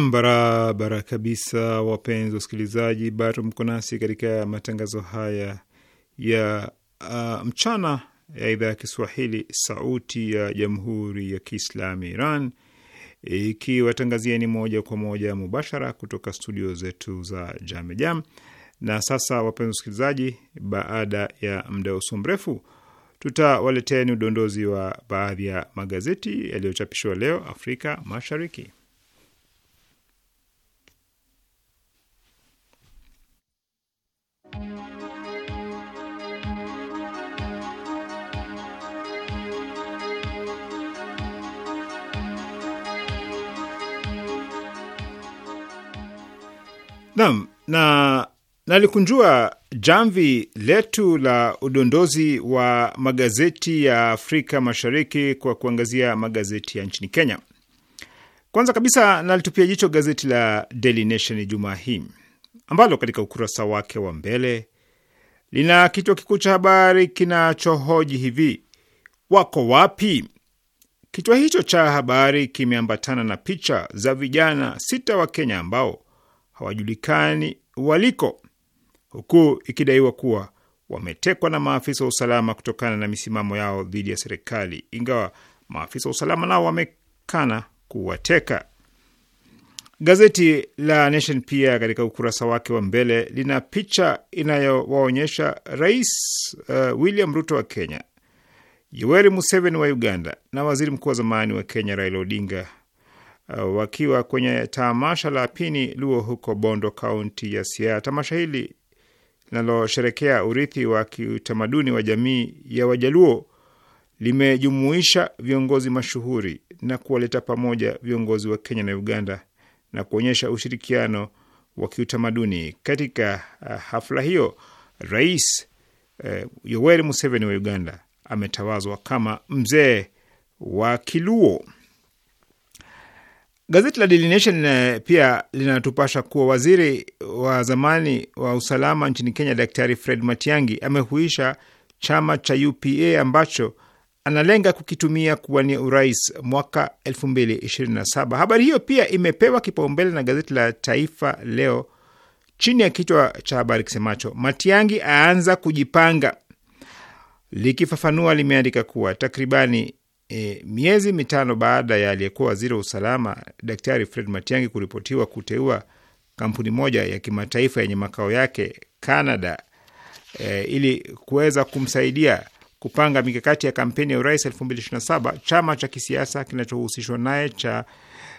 Barabara kabisa, wapenzi wasikilizaji, bado mko nasi katika matangazo haya ya uh, mchana ya idhaa ya Kiswahili sauti ya jamhuri ya Kiislamu Iran ikiwatangazia ni moja kwa moja mubashara kutoka studio zetu za Jamejam Jam. Na sasa wapenzi wasikilizaji, baada ya muda usio mrefu tutawaletea ni udondozi wa baadhi ya magazeti yaliyochapishwa leo Afrika Mashariki. Naam, na nalikunjua jamvi letu la udondozi wa magazeti ya Afrika Mashariki kwa kuangazia magazeti ya nchini Kenya. Kwanza kabisa nalitupia jicho gazeti la Daily Nation Jumaa hii ambalo katika ukurasa wake wa mbele lina kichwa kikuu cha habari kinachohoji hivi, wako wapi? Kichwa hicho cha habari kimeambatana na picha za vijana sita wa Kenya ambao hawajulikani waliko, huku ikidaiwa kuwa wametekwa na maafisa wa usalama kutokana na misimamo yao dhidi ya serikali, ingawa maafisa wa usalama nao wamekana kuwateka. Gazeti la Nation pia katika ukurasa wake wa mbele lina picha inayowaonyesha Rais uh, William Ruto wa Kenya, Yoweri Museveni wa Uganda na waziri mkuu wa zamani wa Kenya Raila Odinga Uh, wakiwa kwenye tamasha la Pini Luo huko Bondo, kaunti ya Siaya. Tamasha hili linalosherekea urithi wa kiutamaduni wa jamii ya Wajaluo limejumuisha viongozi mashuhuri na kuwaleta pamoja viongozi wa Kenya na Uganda na kuonyesha ushirikiano wa kiutamaduni. Katika uh, hafla hiyo, Rais eh, Yoweri Museveni wa Uganda ametawazwa kama mzee wa Kiluo. Gazeti la Daily Nation eh, pia linatupasha kuwa waziri wa zamani wa usalama nchini Kenya, Daktari Fred Matiangi amehuisha chama cha UPA ambacho analenga kukitumia kuwania urais mwaka 2027. Habari hiyo pia imepewa kipaumbele na gazeti la Taifa Leo chini ya kichwa cha habari kisemacho Matiangi aanza kujipanga. Likifafanua limeandika kuwa takribani E, miezi mitano baada ya aliyekuwa waziri wa usalama Daktari Fred Matiang'i kuripotiwa kuteua kampuni moja ya kimataifa yenye makao yake Canada e, ili kuweza kumsaidia kupanga mikakati ya kampeni ya urais 2027, chama cha kisiasa kinachohusishwa naye cha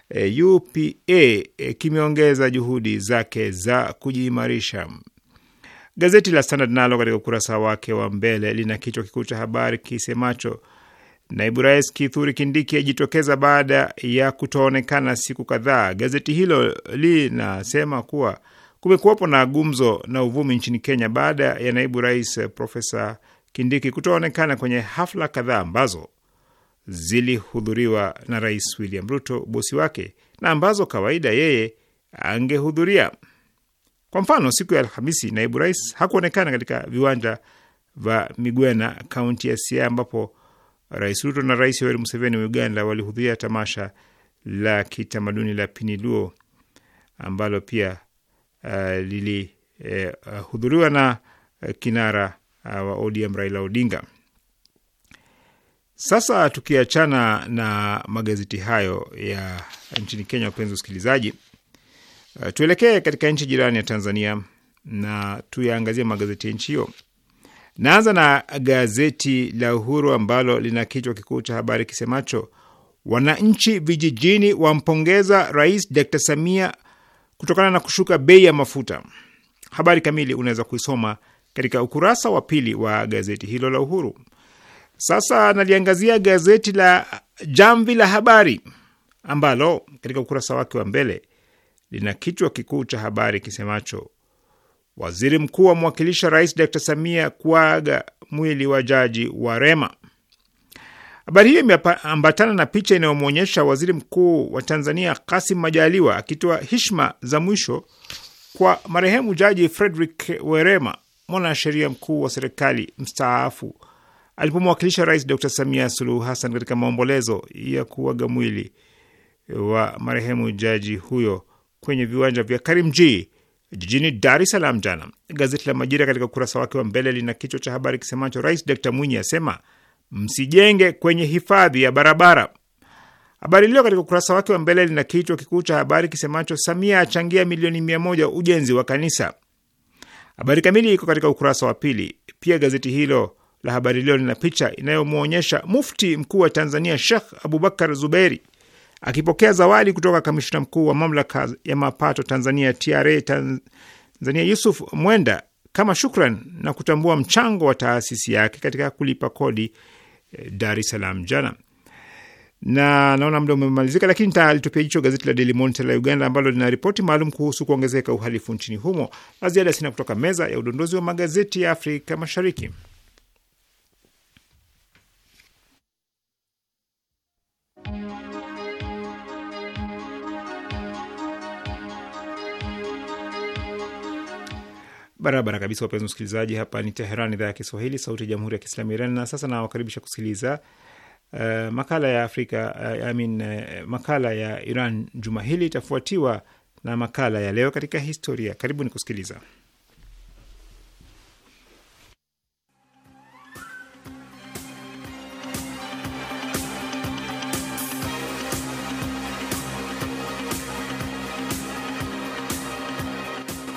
e, UPA e, kimeongeza juhudi zake za kujiimarisha. Gazeti la Standard nalo katika ukurasa wake wa mbele lina kichwa kikuu cha habari kisemacho Naibu Rais Kithuri Kindiki ajitokeza baada ya kutoonekana siku kadhaa. Gazeti hilo linasema kuwa kumekuwapo na gumzo na uvumi nchini Kenya baada ya naibu rais Profesa Kindiki kutoonekana kwenye hafla kadhaa ambazo zilihudhuriwa na Rais William Ruto, bosi wake, na ambazo kawaida yeye angehudhuria. Kwa mfano, siku ya Alhamisi naibu rais hakuonekana katika viwanja vya Migwena, kaunti ya Siaya, ambapo Rais Ruto na Rais Yoweri Museveni wa Uganda walihudhuria tamasha la kitamaduni la Piniluo ambalo pia uh, eh, lilihudhuriwa eh, uh, na uh, kinara uh, wa ODM Raila Odinga. Sasa tukiachana na magazeti hayo ya nchini Kenya, wapenzi wasikilizaji, uh, tuelekee katika nchi jirani ya Tanzania na tuyaangazie magazeti ya nchi hiyo. Naanza na gazeti la Uhuru ambalo lina kichwa kikuu cha habari kisemacho wananchi vijijini wampongeza Rais Dr Samia kutokana na kushuka bei ya mafuta. Habari kamili unaweza kuisoma katika ukurasa wa pili wa gazeti hilo la Uhuru. Sasa naliangazia gazeti la Jamvi la Habari ambalo katika ukurasa wake wa mbele lina kichwa kikuu cha habari kisemacho Waziri mkuu amwakilisha Rais Dr Samia kuaga mwili wa jaji wa Rema. Habari hiyo imeambatana na picha inayomwonyesha waziri mkuu wa Tanzania Kasim Majaliwa akitoa heshima za mwisho kwa marehemu jaji Frederick Werema, mwanasheria mkuu wa serikali mstaafu, alipomwakilisha Rais Dr Samia Suluhu Hassan katika maombolezo ya kuaga mwili wa marehemu jaji huyo kwenye viwanja vya Karimjee jijini Dar es Salaam jana. Gazeti la Majira katika ukurasa wake wa mbele lina kichwa cha habari kisemacho Rais d Mwinyi asema msijenge kwenye hifadhi ya barabara. Habari Leo katika ukurasa wake wa mbele lina kichwa kikuu cha habari kisemacho Samia achangia milioni mia moja ujenzi wa kanisa. Habari kamili iko katika ukurasa wa pili. Pia gazeti hilo la Habari Leo lina picha inayomwonyesha mufti mkuu wa Tanzania Shekh Abubakar Zuberi Akipokea zawadi kutoka kamishna mkuu wa mamlaka ya mapato Tanzania TRA Tanzania Yusuf Mwenda kama shukran na kutambua mchango wa taasisi yake katika kulipa kodi eh, Dar es Salaam jana. Na naona muda umemalizika, lakini nitalitupia jicho gazeti la Daily Monitor la Uganda ambalo lina ripoti maalum kuhusu kuongezeka uhalifu nchini humo. La ziada sina kutoka meza ya udondozi wa magazeti ya Afrika Mashariki. barabara kabisa, wapenzi msikilizaji, hapa ni Teheran, idhaa ya Kiswahili, sauti ya jamhuri ya kiislamu Iran. Na sasa nawakaribisha kusikiliza uh, makala ya Afrika uh, I mean, uh, makala ya Iran juma hili itafuatiwa na makala ya leo katika historia. Karibuni kusikiliza.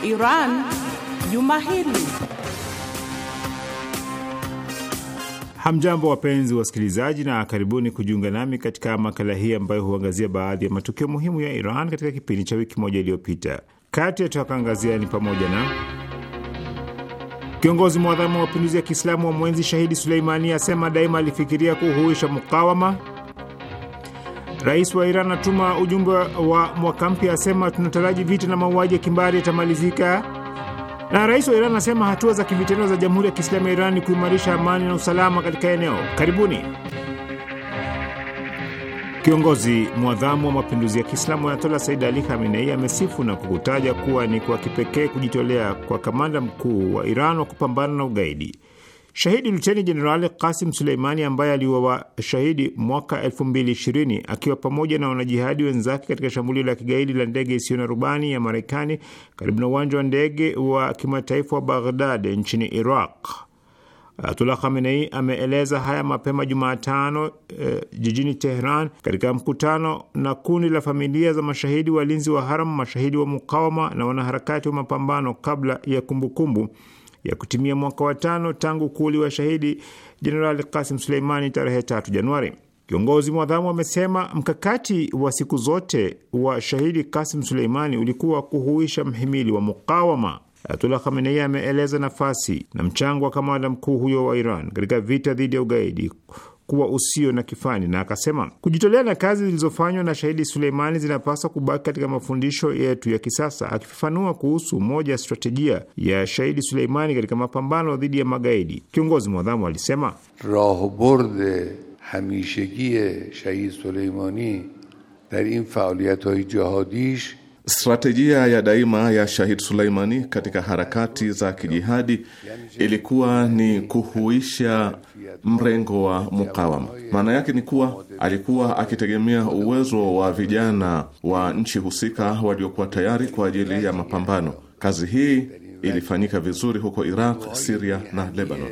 Iran juma hili. Hamjambo, wapenzi wasikilizaji, na karibuni kujiunga nami katika makala hii ambayo huangazia baadhi ya matukio muhimu ya Iran katika kipindi cha wiki moja iliyopita. Kati ya tutakaangazia ni pamoja na kiongozi mwadhamu wa mapinduzi ya Kiislamu wa mwenzi shahidi Suleimani asema daima alifikiria kuhuisha mukawama. Rais wa Iran atuma ujumbe wa mwaka mpya, asema tunataraji vita na mauaji ya kimbari yatamalizika. Na rais wa Iran anasema hatua za kivitendo za Jamhuri ya Kiislamu ya Iran ni kuimarisha amani na usalama katika eneo. Karibuni. Kiongozi mwadhamu wa mapinduzi ya Kiislamu Ayatollah Said Ali Khamenei amesifu na kukutaja kuwa ni kwa kipekee kujitolea kwa kamanda mkuu wa Iran wa kupambana na ugaidi Shahidi Luteni Jenerali Kasim Suleimani ambaye aliuawa shahidi mwaka 2020 akiwa pamoja na wanajihadi wenzake katika shambulio la kigaidi la ndege isiyo na rubani ya Marekani karibu na uwanja wa ndege wa kimataifa wa Baghdad nchini Iraq. Ayatullah Khamenei ameeleza haya mapema Jumatano e, jijini Tehran katika mkutano na kundi la familia za mashahidi walinzi wa haram, mashahidi wa mukawama na wanaharakati wa mapambano kabla ya kumbukumbu kumbu ya kutimia mwaka wa tano tangu kuuliwa shahidi Jenerali Kasim Suleimani tarehe tatu Januari. Kiongozi mwadhamu amesema mkakati wa siku zote wa shahidi Kasim Suleimani ulikuwa kuhuisha mhimili wa mukawama. Ayatullah Khamenei ameeleza nafasi na mchango wa kamanda mkuu huyo wa Iran katika vita dhidi ya ugaidi kuwa usio na kifani, na akasema kujitolea na kazi zilizofanywa na shahidi Suleimani zinapaswa kubaki katika mafundisho yetu ya kisasa. Akifafanua kuhusu moja ya stratejia ya shahidi Suleimani katika mapambano dhidi ya magaidi, kiongozi mwadhamu alisema rohborde hamishagie shahid Suleimani dar in faaliyathaye jihadish Strategia ya daima ya Shahid Suleimani katika harakati za kijihadi ilikuwa ni kuhuisha mrengo wa mukawama. Maana yake ni kuwa alikuwa akitegemea uwezo wa vijana wa nchi husika waliokuwa tayari kwa ajili ya mapambano. Kazi hii ilifanyika vizuri huko Iraq, Siria na Lebanon.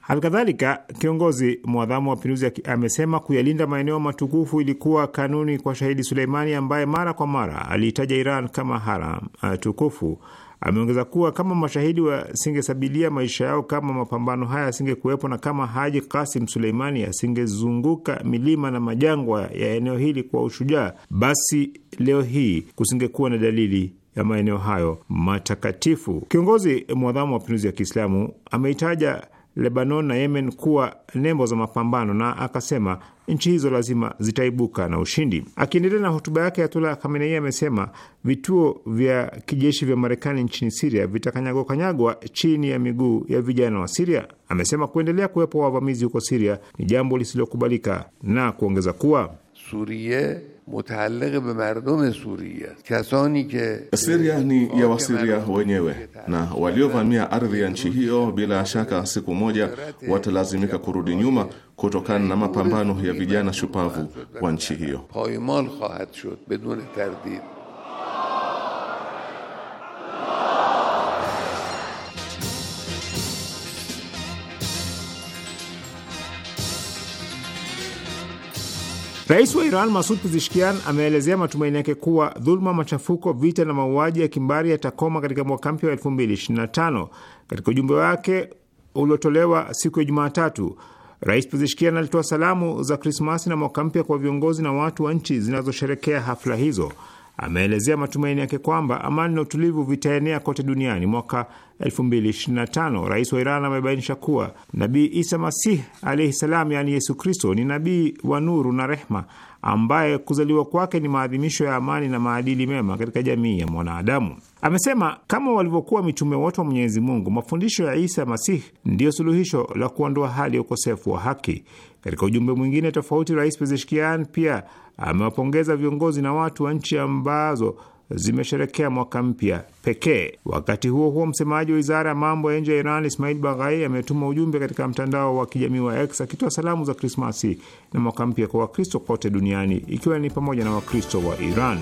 Hali kadhalika kiongozi mwadhamu wa mapinduzi amesema kuyalinda maeneo matukufu ilikuwa kanuni kwa shahidi Suleimani, ambaye mara kwa mara aliitaja Iran kama haram eh, tukufu. Ameongeza kuwa kama mashahidi wasingesabilia maisha yao, kama mapambano haya yasingekuwepo, na kama Haji Kasim Suleimani asingezunguka milima na majangwa ya eneo hili kwa ushujaa, basi leo hii kusingekuwa na dalili ya maeneo hayo matakatifu. Kiongozi mwadhamu wa mapinduzi ya Kiislamu ameitaja Lebanon na Yemen kuwa nembo za mapambano na akasema nchi hizo lazima zitaibuka na ushindi. Akiendelea na hotuba yake, Ayatullah Khamenei amesema vituo vya kijeshi vya Marekani nchini Siria kanyagwa chini ya miguu ya vijana wa Siria. Amesema kuendelea kuwepo wavamizi huko Siria ni jambo lisilokubalika na kuongeza kuwa Surie متعلق به mardome Suria kasani ke Syria ni ya Wasiria wenyewe na waliovamia ardhi ya nchi hiyo bila shaka siku moja watalazimika kurudi nyuma kutokana na mapambano ya vijana shupavu wa nchi hiyo. Paimal khahat shud bedun tardid Rais wa Iran Masud pizishkian ameelezea matumaini yake kuwa dhuluma, machafuko, vita na mauaji ya kimbari yatakoma katika mwaka mpya wa 2025. Katika ujumbe wake uliotolewa siku ya Jumatatu, Rais pizishkian alitoa salamu za Krismasi na mwaka mpya kwa viongozi na watu wa nchi zinazosherekea hafla hizo ameelezea matumaini yake kwamba amani na utulivu vitaenea kote duniani mwaka 2025. Rais wa Iran amebainisha kuwa Nabii Isa Masih alaihi salam, yaani Yesu Kristo, ni nabii wa nuru na rehma ambaye kuzaliwa kwake ni maadhimisho ya amani na maadili mema katika jamii ya mwanadamu. Amesema kama walivyokuwa mitume wote wa Mwenyezi Mungu, mafundisho ya Isa Masihi ndiyo suluhisho la kuondoa hali ya ukosefu wa haki. Katika ujumbe mwingine tofauti, Rais Pezeshkian pia amewapongeza viongozi na watu wa nchi ambazo zimesherekea mwaka mpya pekee. Wakati huo huo, msemaji wa wizara ya mambo ya nje ya Iran Ismail Baghai ametuma ujumbe katika mtandao wa kijamii wa X akitoa salamu za Krismasi na mwaka mpya kwa Wakristo kote duniani, ikiwa ni pamoja na Wakristo wa Iran.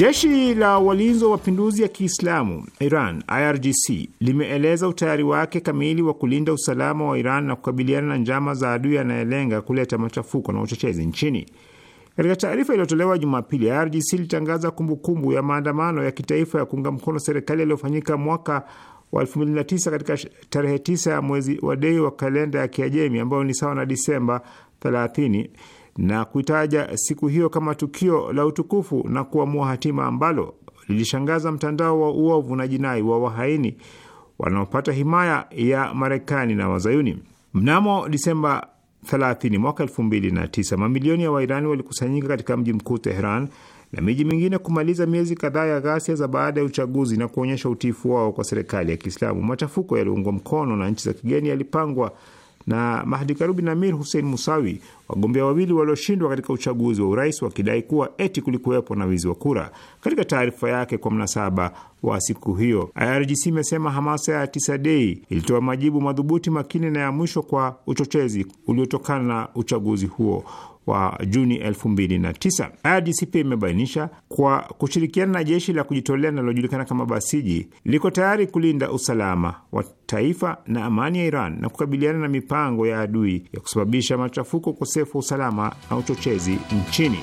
Jeshi la walinzi wa mapinduzi ya Kiislamu Iran IRGC limeeleza utayari wake kamili wa kulinda usalama wa Iran na kukabiliana na njama za adui anayelenga kuleta machafuko na uchochezi nchini. Katika taarifa iliyotolewa Jumapili, IRGC ilitangaza kumbukumbu ya maandamano ya kitaifa ya kuunga mkono serikali yaliyofanyika mwaka wa 2009 katika tarehe 9 ya mwezi wa Dei wa kalenda ya Kiajemi, ambayo ni sawa na Disemba 30 na kuitaja siku hiyo kama tukio la utukufu na kuamua hatima ambalo lilishangaza mtandao wa uovu na jinai wa wahaini wanaopata himaya ya Marekani na Wazayuni. Mnamo Disemba 30 mwaka 2009, mamilioni ya Wairani walikusanyika katika mji mkuu Tehran na miji mingine kumaliza miezi kadhaa ya ghasia za baada ya uchaguzi na kuonyesha utiifu wao kwa serikali ya Kiislamu. Machafuko yaliungwa mkono na nchi za kigeni yalipangwa na Mahdi Karubi na Mir Hussein Musawi, wagombea wawili walioshindwa katika uchaguzi wa urais, wakidai kuwa eti kulikuwepo na wizi wa kura. Katika taarifa yake kwa mnasaba wa siku hiyo, IRGC imesema hamasa ya tisa dei ilitoa majibu madhubuti, makini na ya mwisho kwa uchochezi uliotokana na uchaguzi huo kwa Juni 2009. IRGC pia imebainisha kwa kushirikiana na jeshi la kujitolea linalojulikana kama Basiji liko tayari kulinda usalama wa taifa na amani ya Iran na kukabiliana na mipango ya adui ya kusababisha machafuko, ukosefu wa usalama na uchochezi nchini.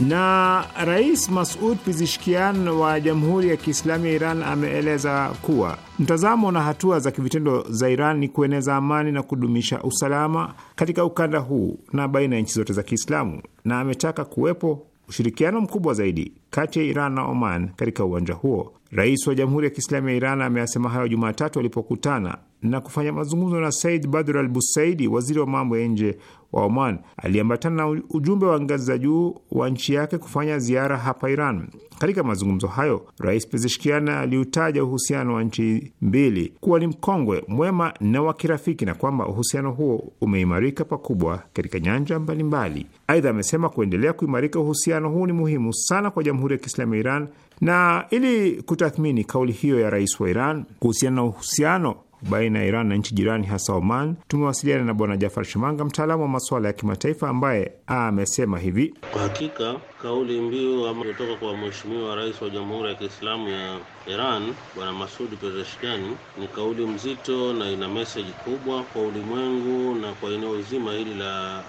Na Rais Masud Pizishkian wa Jamhuri ya Kiislamu ya Iran ameeleza kuwa mtazamo na hatua za kivitendo za Iran ni kueneza amani na kudumisha usalama katika ukanda huu na baina ya nchi zote za Kiislamu, na ametaka kuwepo ushirikiano mkubwa zaidi kati ya Iran na Oman katika uwanja huo. Rais wa Jamhuri ya Kiislamu ya Iran ameyasema hayo Jumatatu alipokutana na kufanya mazungumzo na Said Badr Al Busaidi, waziri wa mambo ya nje wa Oman, aliyeambatana na ujumbe wa ngazi za juu wa nchi yake kufanya ziara hapa Iran. Katika mazungumzo hayo, Rais Pezeshkian aliutaja uhusiano wa nchi mbili kuwa ni mkongwe, mwema na wa kirafiki, na kwamba uhusiano huo umeimarika pakubwa katika nyanja mbalimbali. Aidha, amesema kuendelea kuimarika uhusiano huu ni muhimu sana kwa Jamhuri ya Kiislamu ya Iran na ili kutathmini kauli hiyo ya rais wa Iran kuhusiana na uhusiano baina ya Iran na nchi jirani hasa Oman, tumewasiliana na Bwana Jafar Shimanga, mtaalamu wa masuala ya kimataifa, ambaye amesema hivi: kwa hakika kauli mbiu iliyotoka kwa Mheshimiwa Rais wa Jamhuri ya Kiislamu ya Iran Bwana Masud Pezeshkiani ni kauli mzito na ina meseji kubwa kwa ulimwengu na kwa eneo zima hili la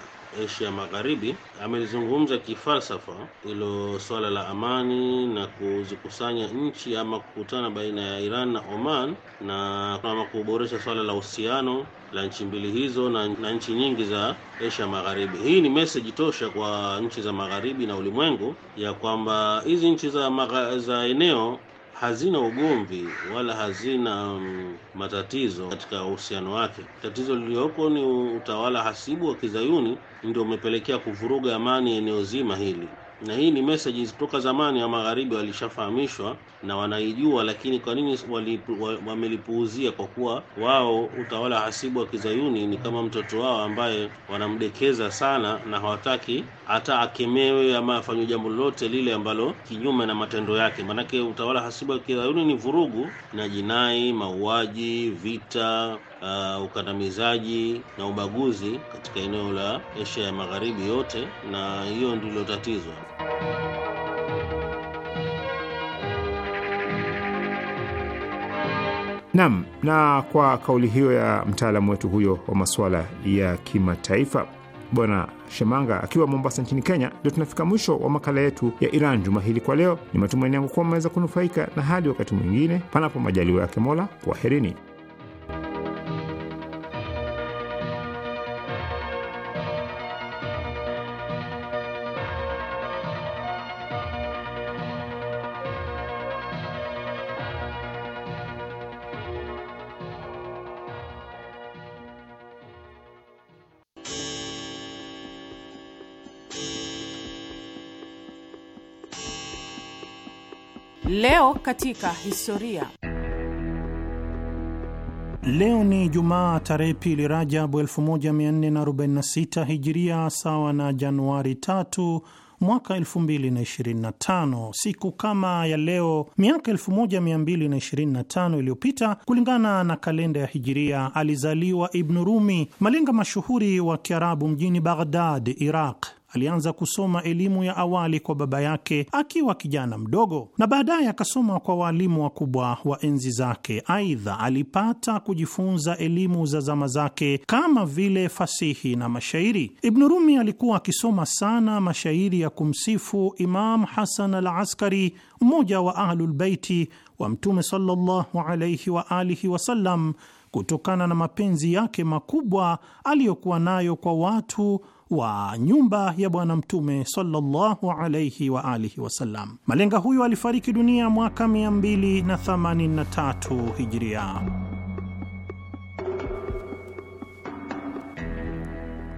Asia Magharibi amelizungumza kifalsafa hilo swala la amani na kuzikusanya nchi ama kukutana baina ya Iran na Oman na kama kuboresha swala la uhusiano la nchi mbili hizo na, na nchi nyingi za Asia Magharibi. Hii ni message tosha kwa nchi za Magharibi na ulimwengu ya kwamba hizi nchi za, maga, za eneo hazina ugomvi wala hazina um, matatizo katika uhusiano wake. Tatizo liliyoko ni utawala hasibu wa kizayuni ndio umepelekea kuvuruga amani eneo zima hili na hii ni messages toka zamani wa magharibi walishafahamishwa na wanaijua, lakini kwa nini wamelipuuzia? Kwa kuwa wao utawala hasibu wa kizayuni ni kama mtoto wao ambaye wanamdekeza sana na hawataki hata akemewe ama afanywe jambo lolote lile ambalo kinyume na matendo yake. Maanake utawala hasibu wa kizayuni ni vurugu na jinai, mauaji, vita uh, ukandamizaji na ubaguzi katika eneo la Asia ya Magharibi yote, na hiyo ndilo tatizo. Nam, na kwa kauli hiyo ya mtaalamu wetu huyo wa masuala ya kimataifa Bwana Shemanga akiwa Mombasa nchini Kenya, ndio tunafika mwisho wa makala yetu ya Iran juma hili. Kwa leo, ni matumaini yangu kuwa mmeweza kunufaika, na hadi wakati mwingine, panapo majaliwa yake Mola, kwaherini. Leo katika historia. Leo ni Jumaa tarehe pili Rajabu 1446 Hijiria, sawa na Januari 3 mwaka 2025. Siku kama ya leo miaka 1225 iliyopita kulingana na kalenda ya Hijiria alizaliwa Ibnu Rumi, malenga mashuhuri wa Kiarabu mjini Baghdad, Iraq alianza kusoma elimu ya awali kwa baba yake akiwa kijana mdogo, na baadaye akasoma kwa waalimu wakubwa wa enzi zake. Aidha, alipata kujifunza elimu za zama zake kama vile fasihi na mashairi. Ibnu Rumi alikuwa akisoma sana mashairi ya kumsifu Imam Hasan al Askari, mmoja wa Ahlulbeiti wa Mtume sallallahu alaihi wa alihi wasallam, kutokana na mapenzi yake makubwa aliyokuwa nayo kwa watu wa nyumba ya Bwana Mtume sallallahu alaihi wa alihi wasallam. Malenga huyo alifariki dunia mwaka 283 hijria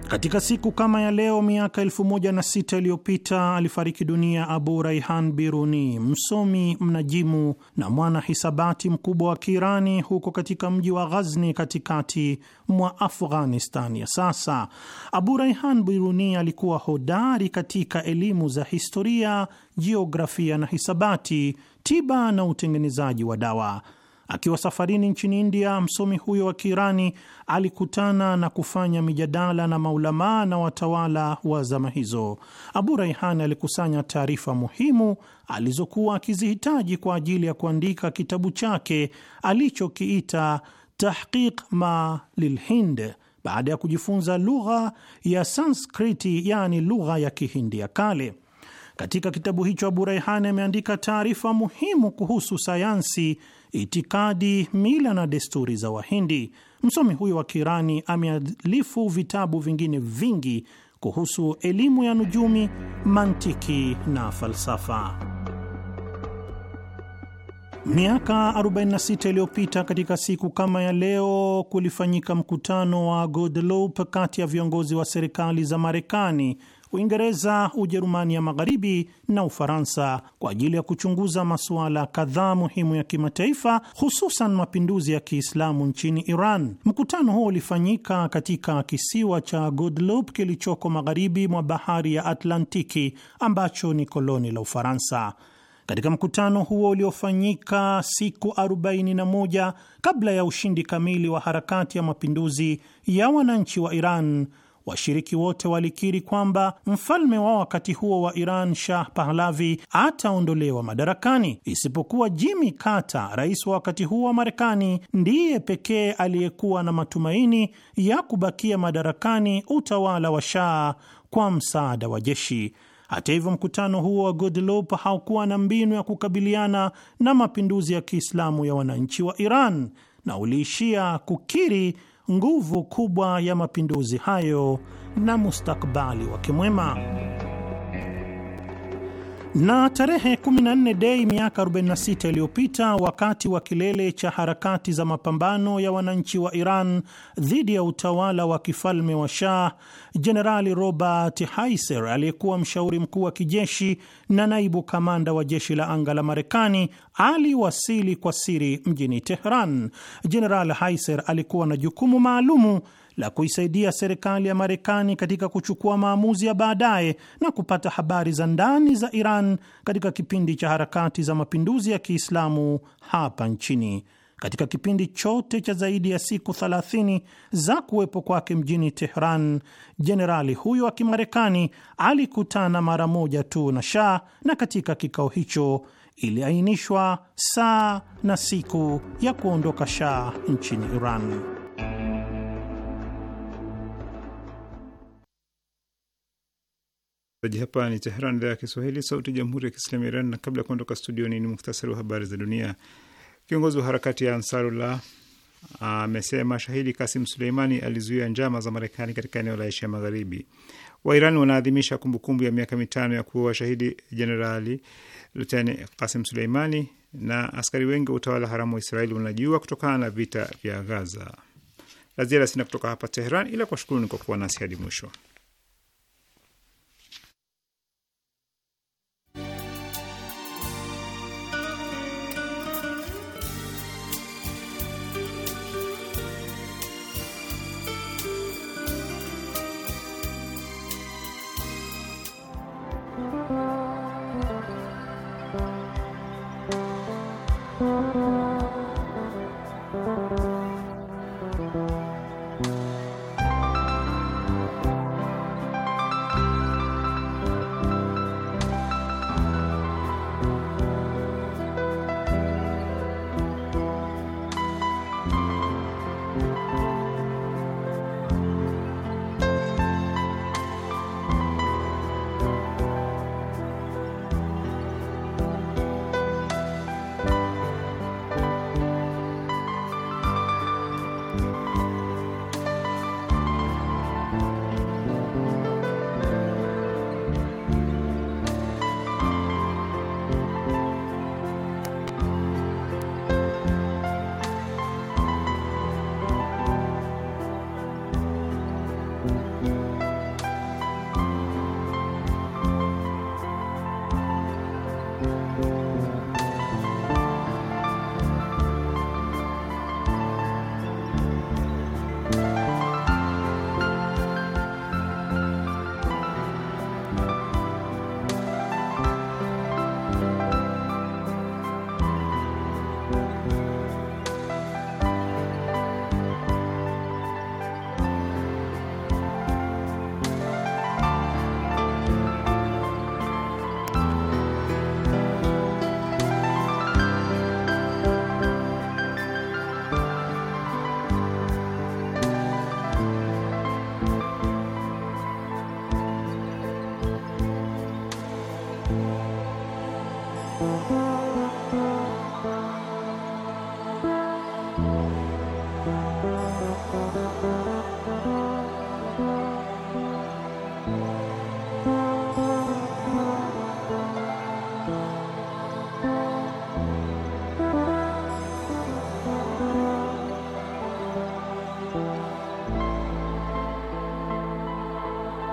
Katika siku kama ya leo miaka elfu moja na sita iliyopita alifariki dunia Abu Raihan Biruni, msomi mnajimu na mwana hisabati mkubwa wa Kiirani, huko katika mji wa Ghazni katikati mwa Afghanistan ya sasa. Abu Raihan Biruni alikuwa hodari katika elimu za historia, jiografia na hisabati, tiba na utengenezaji wa dawa. Akiwa safarini nchini India, msomi huyo wa Kiirani alikutana na kufanya mijadala na maulamaa na watawala wa zama hizo. Abu Raihan alikusanya taarifa muhimu alizokuwa akizihitaji kwa ajili ya kuandika kitabu chake alichokiita Tahqiq ma Lilhind, baada ya kujifunza lugha ya Sanskriti, yaani lugha ya Kihindi ya kale. Katika kitabu hicho Abu raihani ameandika taarifa muhimu kuhusu sayansi itikadi, mila na desturi za Wahindi. Msomi huyo wa Kirani amealifu vitabu vingine vingi kuhusu elimu ya nujumi, mantiki na falsafa. Miaka 46 iliyopita katika siku kama ya leo kulifanyika mkutano wa Godeloup kati ya viongozi wa serikali za Marekani Uingereza, Ujerumani ya Magharibi na Ufaransa kwa ajili ya kuchunguza masuala kadhaa muhimu ya kimataifa, hususan mapinduzi ya Kiislamu nchini Iran. Mkutano huo ulifanyika katika kisiwa cha Guadeloupe kilichoko magharibi mwa bahari ya Atlantiki ambacho ni koloni la Ufaransa. Katika mkutano huo uliofanyika siku 41 kabla ya ushindi kamili wa harakati ya mapinduzi ya wananchi wa Iran Washiriki wote walikiri kwamba mfalme wa wakati huo wa Iran Shah Pahlavi ataondolewa madarakani, isipokuwa Jimmy Carter, rais wa wakati huo wa Marekani, ndiye pekee aliyekuwa na matumaini ya kubakia madarakani utawala wa Shah kwa msaada wa jeshi. Hata hivyo, mkutano huo wa Godeloup haukuwa na mbinu ya kukabiliana na mapinduzi ya Kiislamu ya wananchi wa Iran na uliishia kukiri nguvu kubwa ya mapinduzi hayo na mustakbali wake mwema. Na tarehe 14 Dei miaka 46 iliyopita, wakati wa kilele cha harakati za mapambano ya wananchi wa Iran dhidi ya utawala wa kifalme wa Shah, Jenerali Robert Heiser aliyekuwa mshauri mkuu wa kijeshi na naibu kamanda wa jeshi la anga la Marekani aliwasili kwa siri mjini Tehran. Jenerali Heiser alikuwa na jukumu maalumu la kuisaidia serikali ya Marekani katika kuchukua maamuzi ya baadaye na kupata habari za ndani za Iran katika kipindi cha harakati za mapinduzi ya Kiislamu hapa nchini. Katika kipindi chote cha zaidi ya siku 30 za kuwepo kwake mjini Tehran, jenerali huyo wa Kimarekani alikutana mara moja tu na Shah, na katika kikao hicho iliainishwa saa na siku ya kuondoka Shah nchini Iran. Msikilizaji, hapa ni Teheran, idhaa ya Kiswahili, sauti ya jamhuri ya kiislamu ya Iran. Na kabla ya kuondoka studioni, ni muhtasari wa habari za dunia. Kiongozi wa harakati ya Ansarullah amesema shahidi Kasim Suleimani alizuia njama za Marekani katika eneo la Asia Magharibi. Wairani wanaadhimisha kumbukumbu ya miaka mitano ya kuwa shahidi Jenerali Luteni Kasim Suleimani, na askari wengi wa utawala haramu wa Israeli wanajiua kutokana na vita vya Gaza. La ziada sina kutoka hapa Teheran, ila kuwashukuruni kwa kuwa nasi hadi mwisho.